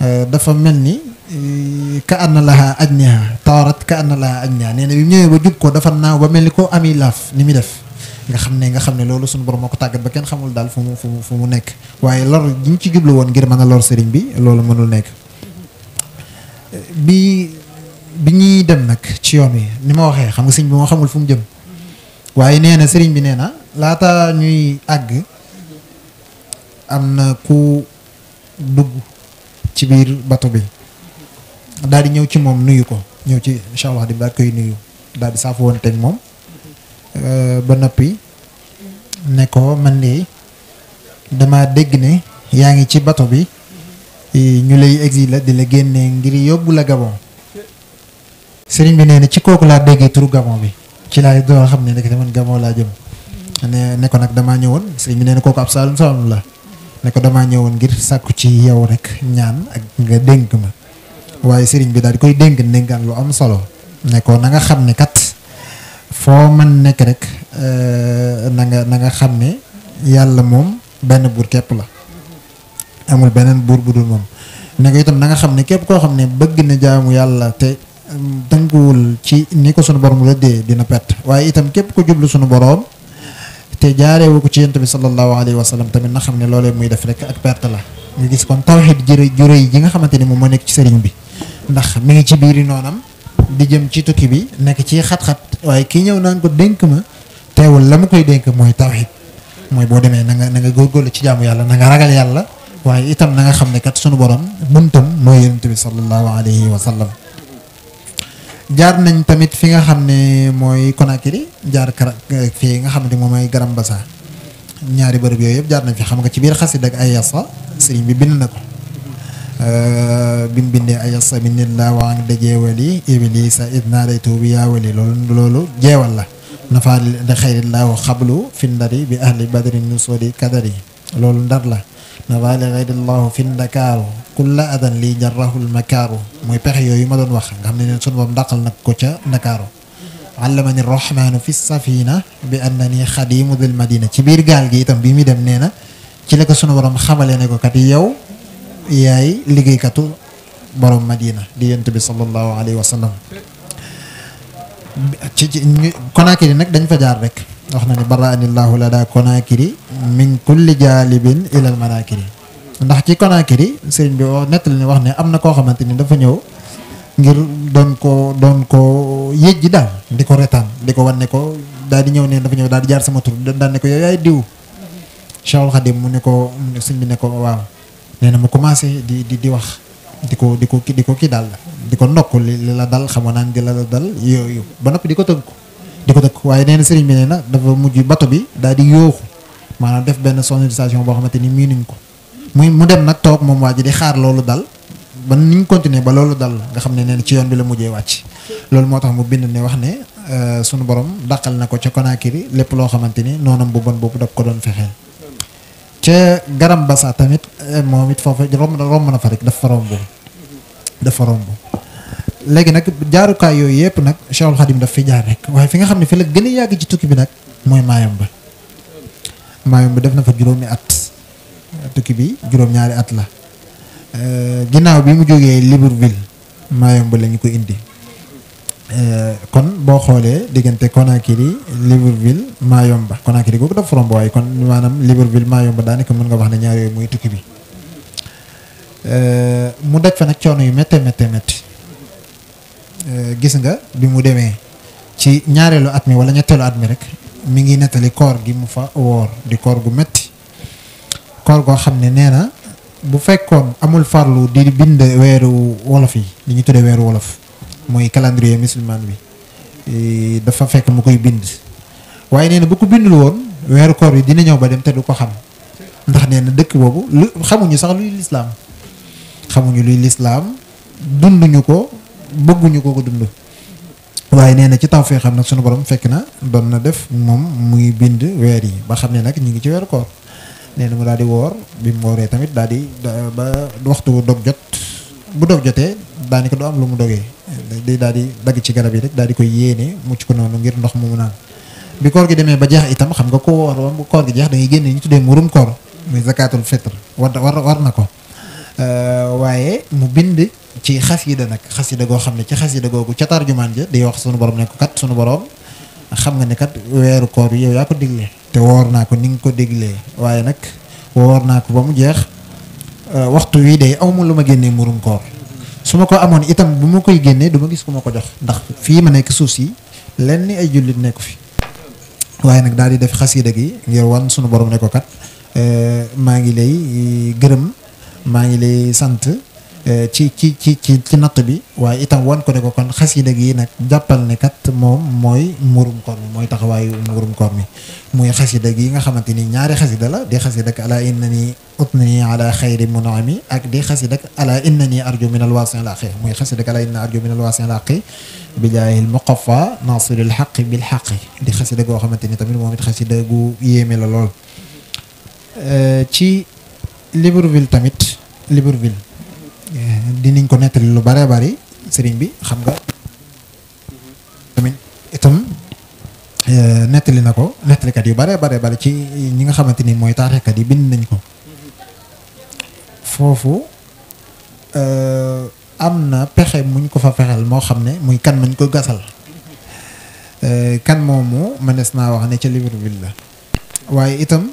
euh, dafa mel ni euh, ka anna laha ajniha taarat ka anna laha ajniha na bi mu ñëwee ba jub ko dafa naaw ba mel ni ko ami laaf ni muy def nga ne nga xam ne loolu suñu borom moo ko tàggat ba kenn xamul daal fu mu fu mu nekk waaye lor gi ñu ci jublu woon ngir mën a lor sëriñ bi loolu mënul nekk bi bi ñuy dem nag ci yoon wi ni ma waxee xam nga sëñ bi moo xamul fu mu jëm waaye nee na sëriñ bi nee na laata ñuy àgg am na ku dugg ci biir bato bi daldi ñëw ci moom nuyu ko ñëw ci incha allah di daal koy nuyu daal di saafu woon moom euh, ba noppi ne ko man de dama dégg ne yaa ngi ci bato bi ñu lay exilé di la génne ngir yóbbu la Gabon sëriñ bi nee na ci kooku laa déggee turu Gabon bi ci laay doo xam ne nag man Gabon laa jëm ne ne ko nag damaa ñëwoon sëriñ bi nee na kooku ab saalum la ne ko damaa ñëwoon ngir sàkku ci yow rek ñaan ak nga dénk ma waaye sëriñ bi daal di koy dénk ndénkaan lu am solo ne ko nga xam ne kat foo man nekk rek euh, nanga nanga xam ne yàlla moom benn buur képp la amul beneen buur bu dul moom ne itam na nga xam ne képp koo xam ne bëgg na jaamu yàlla te mm, tënkuwul ci ni ko sunu borom rëddee dina pett waaye itam képp ko jublu sunu boroom te jaareewu ko ci yent bi sallallahu alayhi wa sallam tamit na xam ne loolee muy def rek ak perte la nga gis kon tawxid jërë juré yi ji nga xamante ni moom moo nekk ci sëriñ bi ndax mi ngi ci biiri noonam di jëm ci tukki bi nekk ci xat-xat waaye kii ñëw naan ko dénk ma teewul la mu koy dénk mooy tawxid mooy boo demee na nga na nga góorgóorlu ci jaamu yàlla na ragal yàlla waaye itam na nga xam ne kat sunu borom buntam mooy yonent bi sallallahu alayhi wa sallam jaar nañ tamit fi nga xam ne mooy Conakry jaar kara fii nga xam ne moom mooy Garam Bassa ñaari bërëb yooyu yëpp jaar nañ fi xam nga ci biir xasida ak ay yassa sëriñ bi bind na ko bi mu bindee ay yassa bi nit laa waa ngi dajeewal yi iblisa idna day tuubi yaawali loolu loolu jeewal la nafaal da xayrillahu xablu fi ndari bi ahli badri nusori kadari loolu ndar la نبال غير الله في النكار كل أذن لي جره المكار موي بخي يوي ما دون واخ خامني نون سون بام علمني الرحمن في السفينه بانني خديم بالمدينه تي بير غال جي تام بيمي دم نينا تي لاكو سونو بروم خامالي يو ياي ليغي كاتو بروم مدينه دي ينتبي صلى الله عليه وسلم تي كوناكي نك دنج فجار رك waxna ni ne baraanillahu la kiri, konakiri min kulli ila ilal manakiri. ndax ci konakiri serigne bi wax nettali ni wax ne am na koo dafa ñew ngir don ko don ko yejji da diko retan ko wane ko dal ko di ñew ne dafa ñew dal di jaar sama tur ne ko yoy ay diw Cheikhul Khadim mu ne ko serigne bi ne ko waaw neena mu commencé di di di wax diko diko diko ko ki diko ko ki daal la di ko ndokk li la dal xamoon la dal ba nopi diko ko di ko dëkk waaye nee na sëriñ bi nee na dafa mujj bato bi daal di yooxu maanaam def benn sonorisation boo xamante ni miinuñ ko muy mu dem nag toog moom waa ji di xaar loolu dal ba ni ñu continuer ba loolu dal nga xam ne neen na ci yoon bi la mujjee wàcc loolu moo tax mu bind ne wax ne euh, sunu borom daqal na ko ca Conakry lépp loo xamante ni noonam bu bon boobu daf ko doon fexeel ca garam basa tamit euh, moom it foofu romb na fa rek dafa romb dafa romb léegi nag jaarukaay yooyu yëpp nag Cheikhul Khadim daf fi jaar rek waaye fi nga xam ne fi la gën a yàgg ci tukki bi nag mooy Mayumba ba def na fa juróomi at tukki bi juróom at la euh, ginnaaw bi mu jógee Libreville Mayumba la ñu ko indi euh, kon boo xoolee diggante Conakry Libreville Mayumba Conakry googu daf romb waaye kon maanaam Libreville Mayumba daanaka mën nga wax ne ñaar yooyu mooy tukki bi euh, mu daj fa nag coono yu méttee méttee métti Eh, gis nga bi mu demee ci ñaareelu at mi wala ñetteelu at mi rek mi ngi nettali koor gi mu fa woor di koor gu metti koor goo xam ne bu fekkoon amul farlu di bind weeru wolof yi li ñu tuddee weeru wolof mooy calendrier musulman bi eh, dafa fekk mu koy bind waaye nee na bu ko bindul woon weeru koor yi dina ñëw ba dem te du ko xam ndax nee na dëkk boobu lu xamuñu sax luy lislaam xamuñu luy lislaam dunduñu ko bëgguñu koo ko dund. waaye nee na ci taw fee xam nag sunu borom fekk na doon na def moom muy bind weer yi ba xam ne nag ñu ngi ci weeru koor nee na mu daal di woor bi mu wooree tamit daal di ba waxtu dog jot bu dog jotee daanaka du am lu mu dogee day daal di dagg ci garab yi rek daal di koy yéene mucc ko noonu ngir ndox mu mu naan bi koor gi demee ba jeex itam xam nga ko woor ba koor gi jeex da ngay génne ñu tuddee murum koor muy zakatul fitr war war war na ko euh, waaye mu bind. ci khasida nak khasida go xam ne ci gogu ci tar juman ja di wax sunu borom ne ko kat sunu borom xam nga ne kat weeru koor yow ya ko diglé te wor na ko ning ko diglé waye nak wor na ko bamu jeex euh, waxtu wi day awmu luma murum koor suma ko amone itam bu ma koy génnee duma gis ku ma ko jox ndax fi ma nek souci lenn ay julit nek fi waye nak def xasida gi ngir wan sunu borom ne ko kat euh, ma ngi lay gërem ma ngi lay sant. ci ci ci ci ci natt bi waaye itam wan ko ne ko kon xasida gi nag jàppal ne kat moom mooy murum koor mi mooy taxawaayu murum koor mi muy xasida gi nga xamante ni ñaari xasida la di xasida ak ala innani utni ala xayri munami ak di xasida ak ala innani arju min alwasin laqi muy xasida ak ala innani arju min alwasin laqi bi jaahil muqafa nasiril xaqi bil xaqi di xasida goo xamante ni tamit moom it xasida gu yéeme la lool ci Libreville tamit Libreville Eh, dinañ ko nettali lu bare bari sëriñ bi xam nga tamit itam eh, netali nako netali kat yu bare bare bare ci ñi nga xamanteni moy mooy kat yi bind nañ ko fofu euh amna pexé muñ ko fa fexal mo xamné muy kan mañ ko euh kan momu manes na wax ne ci livre la waye itam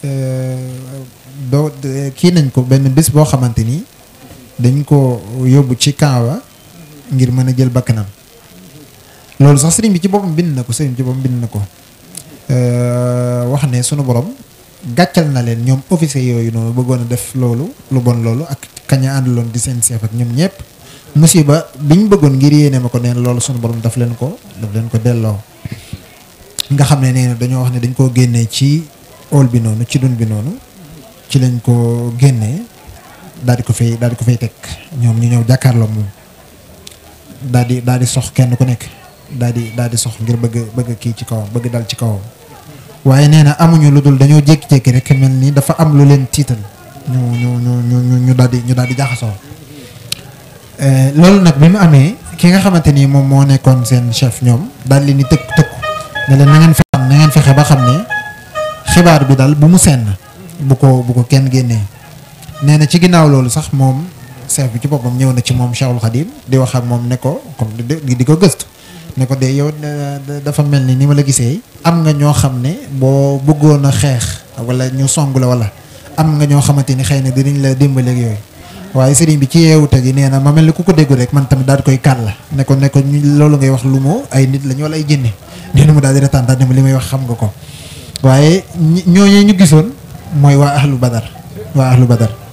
eh, do ki nañ ko ben bis bo xamanteni dañ ko yobbu ci kaawa ngir mëna jël bakanam loolu sax serigne bi ci bopam bind nako serigne bi ci bopam bind nako euh wax ne suñu borom gatchal na len ñom officier yoyu noonu bëggoon def loolu lu bon loolu ak kaña andalon di sen chef ak ñom ñepp musiba biñ bëggon ngir yene mako neen loolu suñu borom daf len ko daf len ko delloo nga xamne ne dañu wax ne dañ ko genné ci hall bi nonu ci dun bi nonu ci lañ ko genné daal di ko fay daal di ko fay teg ñoom ñu ñëw jàkkaarloo moom daal di daal di sox kenn ku nekk daal di daal di sox ngir bëgg bëgg kii ci kawam bëgg dal ci kawam. waaye nee na amuñu lu dul dañoo jékki-jékki rek mel ni dafa am lu leen tiital ñu ñu ñu ñu ñu daal di ñu daal di jaxasoo euh, loolu nag bi mu amee ki nga xamante ni moom moo nekkoon seen chef ñoom dal di leen di tëkk tëkk ne leen na ngeen fexe na fexe ba xam ne xibaar bi daal bu mu senn bu ko bu ko kenn génnee. nee na ci ginnaaw loolu sax moom chef bi ci boppam ñëw na ci moom Cheikhul Khadim di wax ak moom ne ko comme di ko gëstu. ne ko de yow dafa mel ni ni ma la gisee. am nga ñoo xam ne boo bëggoon a xeex wala ñu song la wala am nga ñoo xamante ni xëy na dinañ la dimbali ak yooyu. waaye sëriñ bi ci yeewute gi nee na ma mel ni ku ko déggu rek man tamit daal di koy kàll la. ne ko ne ko loolu ngay wax lu mu ay nit lañu wala ay jinne nee na mu daal di retaan daal ne ma li may wax xam nga ko waaye ñooñee ñu mooy waa ahlu badar waa ahlu badar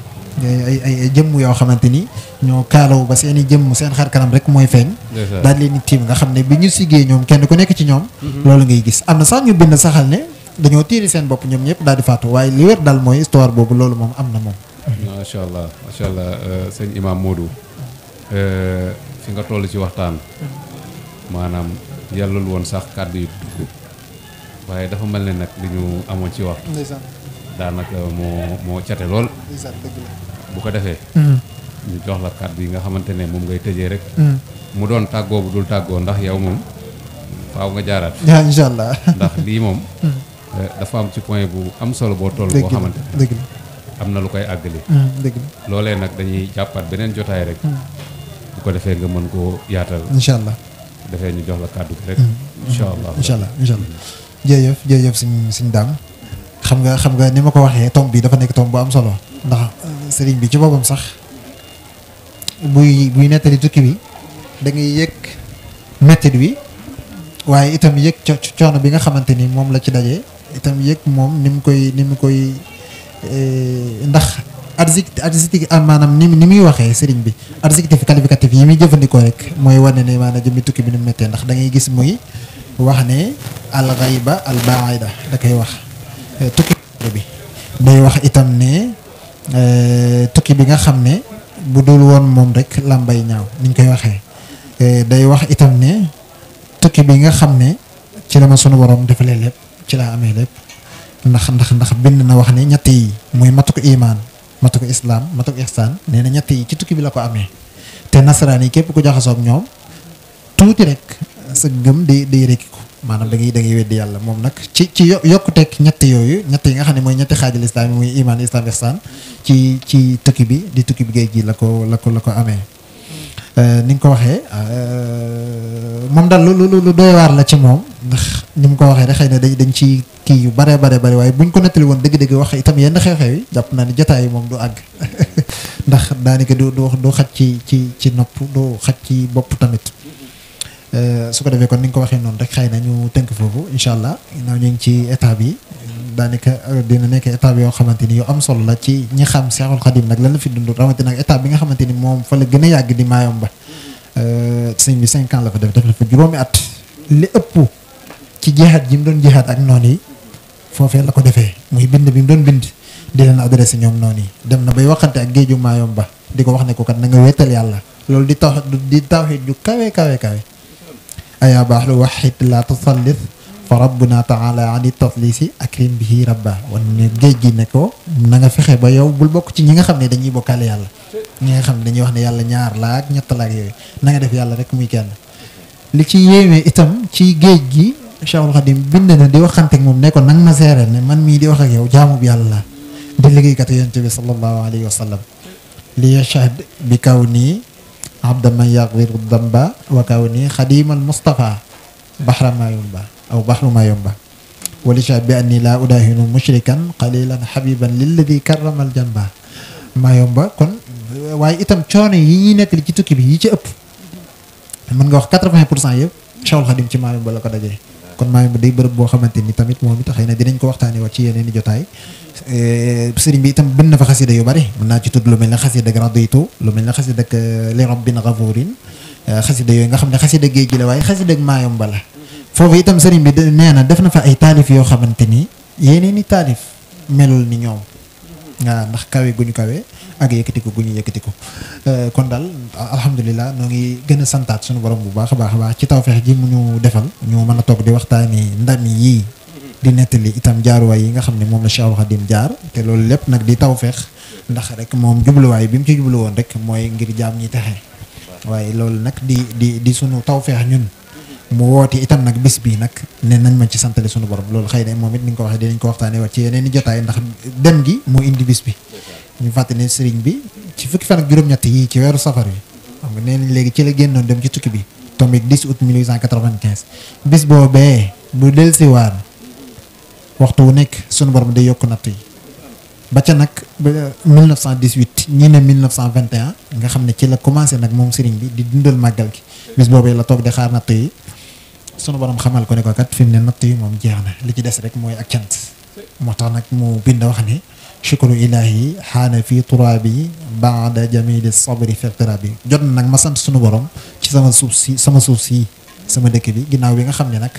ay ay jëmm yoo xamante ni ñoo kaalaw ba seen i jëmm seen xar kanam rek mooy feeñ daal leen di tiim nga xam ne bi ñu siggee ñoom kenn ku nekk ci ñoom mm-hmm. loolu ngay gis am na sax ñu bind saxal ne dañoo tiiri seen bopp ñoom ñëpp daal di faatu waaye li wér daal mooy histoire boobu loolu moom am na moom macha allah macha allah euh, sëñ Imam Modou euh, fi nga toll ci waxtaan maanaam yàllul woon sax kàddu yu dugg waaye dafa mel ne nag li ñu amoon ci waxtu daanaka moo moo lool bu ko defee hmm. ñu jox la kàddu yi nga xamante ne moom ngay tëjee rek hmm. mu doon tàggoo bu dul tàggoo ndax yow moom faaw nga jaaraat [laughs] incha allah ndax lii moom hmm. eh, dafa am ci point bu am solo boo toll boo xamante ne am na lu koy àggali dëgg loolee nag dañuy jàppaat beneen jotaay rek bu ko defee nga mën koo yaatal incha allah defee ñu jox la kàddu gi rek incha allah incha allah incha allah jërëjëf jërëjëf suñ suñ daam xam nga xam nga ni ma ko waxee tomb bi dafa nekk tomb bu am solo ndax Sering bi ci bobam sax buy buy nettali tukki bi da ngay yek mettit bi waye itam yëg bi nga xamanteni ni la ci dajé itam yek moom nim koy nim koy euh ndax adjectif adjectif ah, nim ni ni sering waxee sëriñ bi adjectif qualificatif yi mi jëfëndiko rek moy wone ne manam jëmi tukki bi nim metté ndax da ngay gis muy wax ne al ghaiba al baida da kay wax eh, tukki bi day wax itam ne Euh, tukki bi nga xam ne bu dul woon moom rek làmbay ñaaw niñ koy waxee euh, day wax itam ne tukki bi nga xam ne ci la ma sunu borom defalee lépp ci laa amee lépp ndax ndax ndax bind na wax ne ñett yi muy matu ko imaan matu ko islaam matu ko ihsaan nee na ñett yi ci tukki bi la ko amee te nasaraan yi képp ko jaxasoo ak ñoom tuuti rek sa ngëm day day rekkiku maanaam da ngay da ngay weddi yàlla moom nag ci ci yokkuteeg ñett yooyu ñett yi nga xam ne mooy ñetti xaajal islam yi muy iman islam ihsan ci ci tukki bi di tukki bi géej gi la ko la ko la ko amee euh, ni nga ko waxee euh, moom daal lu lu lu doy waar la ci moom ndax ni mu ko waxee rek xëy na dañ dañ ci kii yu bare bare bare waaye buñ ko nettali woon dégg dëgg wax itam yenn xew-xew yi jàpp naa ni jotaay moom du àgg [laughs] ndax daanaka du doo xaj ci ci ci nopp doo xaj ci bopp tamit Euh, su ko defee kon ni nga ko waxee noonu rek xay na ñu tënk foofu incha allah ginnaaw ñu ngi ci état bi daanaka euh, dina nekkee état yoo xamante ni yu am solo la ci ñi xam Seexul Xadim nag lan la fi dund rawatina ak état bi nga xamante ni moom fa la gën a yàgg di maayom ba euh, sëñ bi la fa def def na fa li ëpp ci jihaat ji mu doon jihaat ak noonu yi foofee la ko defee muy bind bi mu doon bind di leen adressé ñoom noon yi dem na bay waxante ak géeju maayom ba di ko wax ne ko kat na nga wéetal yàlla loolu di taw di tawxiit ju kawe kawe kawe ayaa baax lu waxit laa tusallis fa rabbuna taala ani taslisi akrim rabba wan ne géej gi ne ko na fexe ba yaw bul bokk ci ñi nga xam ne dañuy bokkaale yàlla ñi nga xam ne dañuy wax ne yàlla ñaar la ak ñett la ak yooyu na nga def yàlla rek muy kenn li ci yéemee itam ci géej gi Cheikhul Khadim bind na di waxante ak moom ne ko nang ma seereel ne man mii di wax ak yow jaamu bi yàlla la di liggéeykatu yonent bi sallallahu alayhi wa sallam li yashhad bi kaw nii abda man yaxfiru damba wa kawni xadimal mustafa baxra ma yomba aw baxru ma yomba walisha bi anni la udahinu mushrikan qalilan habiban lilladi karramal jamba ma yomba kon waaye itam coono yi ñuy nekk ci tukki bi yi ci ëpp mën nga wax quatre-vingt pour cent yëpp Cheikhul Khadim ci maa yomba la ko dajee kon maa yomba day bërëb boo xamante ni tamit moom it xëy na dinañ ko waxtaanee waat ci yeneen i jotaay Euh, sëriñ bi itam bind na fa xasida yu bari mun naa ci tudd lu mel ne xasida grandito lu mel ne xasida euh, lirob bin ravourin euh, xasida yooyu nga xam ne xasida géej gi la waaye xasida maayom bala foofu itam sëriñ bi nee na def na fa ay taalif yoo xamante nii yeneen i taalif melul ni ñoom waaw ndax kawe gu ñu kawe ak yëkkatiku gu ñu ko kon daal alhamdulillah noo ngi gën santaat suñu borom bu baax a baax a baax ci taw tawfeex ji mu ñu defal ñu mën a toog di waxtaani ndam yi di nettali itam jaaruwaay yi nga xam ne moom la a Khadim jaar te loolu lépp nag di tawfeex ndax rek moom jubluwaay bi mu ci jublu woon rek mooy ngir jaam ñi texe waaye loolu nag di di di sunu tawfeex ñun mu woote itam nag bis bi nag ne nañ ma ci santale sunu borom loolu xay ne moom it ni nga ko waxee dinañ ko waxtaanee waat ci yeneen i jotaay ndax dem gi moo indi bis bi ñu fàtte ne sëriñ bi ci fukki fa ak juróom-ñett yi ci weeru safar bi xam nga nee nañ léegi ci la génnoon dem ci tukki bi tombé 10 août 1895 bis boobee bu dellusiwaat waxtu wu nekk sunu borom day yokk natt yi ba ca nag ba 1918 ñii ne 1921 nga xam ne ci la commencé nag moom sëriñ bi di dundal màggal gi bis boobee la toog di xaar natt yi sunu borom xamal ko ne ko kat fi mu ne natt yi moom jeex na li ci des rek mooy ak cant moo tax nag mu bind wax ne chukru ilahi xaana fii turaabi baada jamili sabri fi iqtirabi jot na nag ma sant sunu borom ci sama suuf si sama suuf si sama dëkk bi ginnaaw bi nga xam ne nag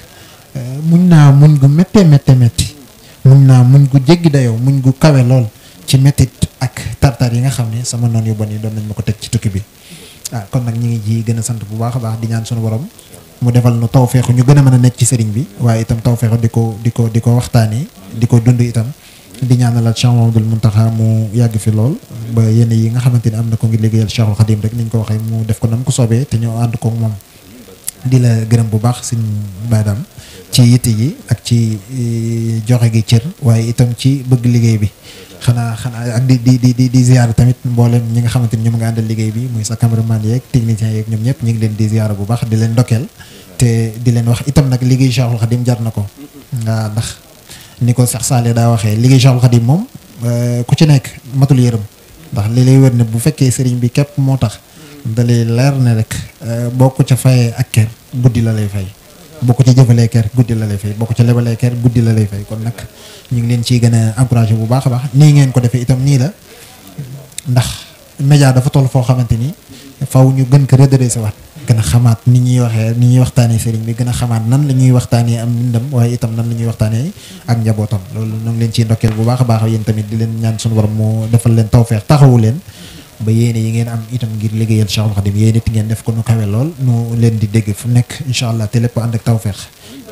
Eh, muñ naa muñ gu méttee méttee métti muñ naa muñ gu jéggi dayoo muñ gu kawe lool ci méttit ak tartar yi nga xam ne sama noon yu bon yi doon nañ ma ko teg ci tukki bi ah kon nag ñu ngi ji gën sant bu baax a baax di ñaan suñu borom mu defal nu tawfeexu ñu gën a mën a nekk ci sëriñ bi waaye itam tawfeexu di ko di ko di ko waxtaanee di ko dund itam di ñaanalaat Cheikh mun Mountakha mu yàgg fi lool ba yenn yi nga xamante ni am na ko ngir liggéeyal Cheikhul Khadim rek niñ ko waxee mu def ko nam ko soobee te ñu ànd ko moom di la gërëm bu baax si baadaam ci yitte ji ak ci e, joxe gi cër waaye itam ci bëgg liggéey bi xanaa xanaa ak di di di di ziar tamit mboolem ñi nga xamante ni ñoom nga àndal liggéey bi muy sa cameraman yeeg technicien yeeg ñoom ñëpp ñu ngi leen di ziar bu baax di leen ndokkeel te di leen wax itam nag liggéey Cheikhul Khadim jar na ko ndax ni ko Cheikh Saliou daa waxee liggéey Cheikhul Khadim moom e, ku ci nekk matul yërëm ndax li lay wër ne bu fekkee sëriñ bi képp moo tax da lay leer ne rek e, boo ko ca fayee ak kenn buddi la lay fay boo ko ci jëfalee ker guddi la lay fay boo ko ci lebalee ker guddi la lay fay kon nag ñu ngi leen ci gën a encouragé bu baax baax nii ngeen ko defee itam nii la ndax média dafa toll foo xamante ni faw ñu gën ko redresser waat gën a xamaat ni ñuy waxee ni ñuy waxtaanee sëriñ bi gën a xamaat nan la ñuy waxtaanee am mbindam waaye itam nan la ñuy waxtaanee ak njabootam loolu ñu ngi leen ciy ndokkeel bu baax baax yéen tamit di leen ñaan suñu borom moo defal leen tawfeex taxawu leen ba yéene yi ngeen am itam ngir liggéeyal Cheikhul Khadim yéen it ngeen def ko nu kawe lool nu leen di dégg fu nekk incha allah te lépp ànd ak tawfeex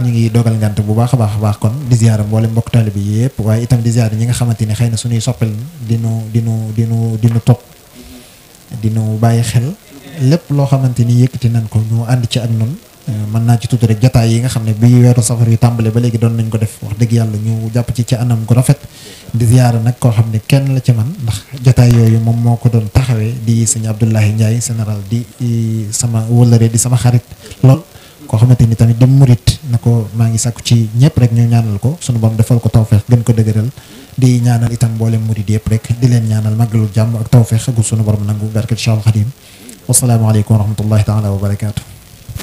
ñu ngi dogal ngant bu baax a baax a baax kon di ziara mboolem mbokk taalibe yi yëpp waaye itam di ziara ñi nga xamante ni xëy na suñuy soppal dinu dinu dinu dinu topp dinu bàyyi xel lépp loo xamante ni yëkkati nañ ko ñu ànd ci ak noonu Eh, man na ci tudd rek jotaay yi nga xamne ne bi weeru safar yu tambalé ba légui doon nañ ko def wax deug yalla ñu japp ci ci anam gu rafet di ziyaara nak ko xamne kenn la ci man ndax jotaay yoyu mom moko doon di sëñ Abdoulahi Ndiaye général di sama wolere di sama xarit lool ko xamne tamit tamit di murit nako ko ngi sakku ci ñepp rek ñu ñaanal ko suñu bam defal ko tawfex gën ko degeural di ñaanal itam mboolem mourid yépp rek di leen ñaanal maglu jamm ak tawfex gu suñu borom nangu barke Cheikhul Xadim wasalaamaaleykum wa rahmatullahi taala wa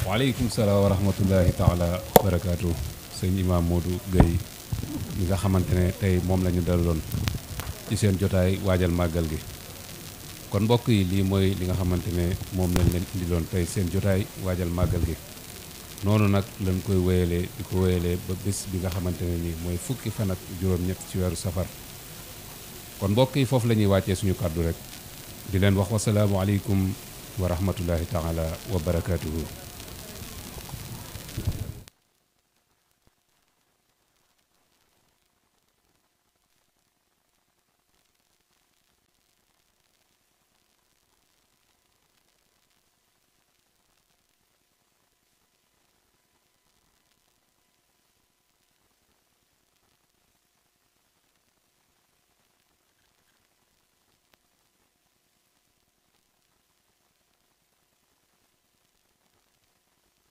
waaleykum salaam wa rahmatullahi taala barakaatu sëñ imaam Modou Gueye mi nga xamante ne tey moom lañu ñu dalaloon ci seen jotaay waajal màggal gi kon mbokk yi lii mooy li nga xamante ne moom lañ leen indiloon tey seen jotaay waajal màggal gi noonu nag lañ koy wéyalee di ko wéyalee ba bés bi nga xamante ne nii mooy fukki fan ak juróom-ñett ci weeru safar kon mbokk yi foofu lañuy wàccee suñu kàddu rek di leen wax wasalaamualeykum wa rahmatullahi taala wa barakaatuhu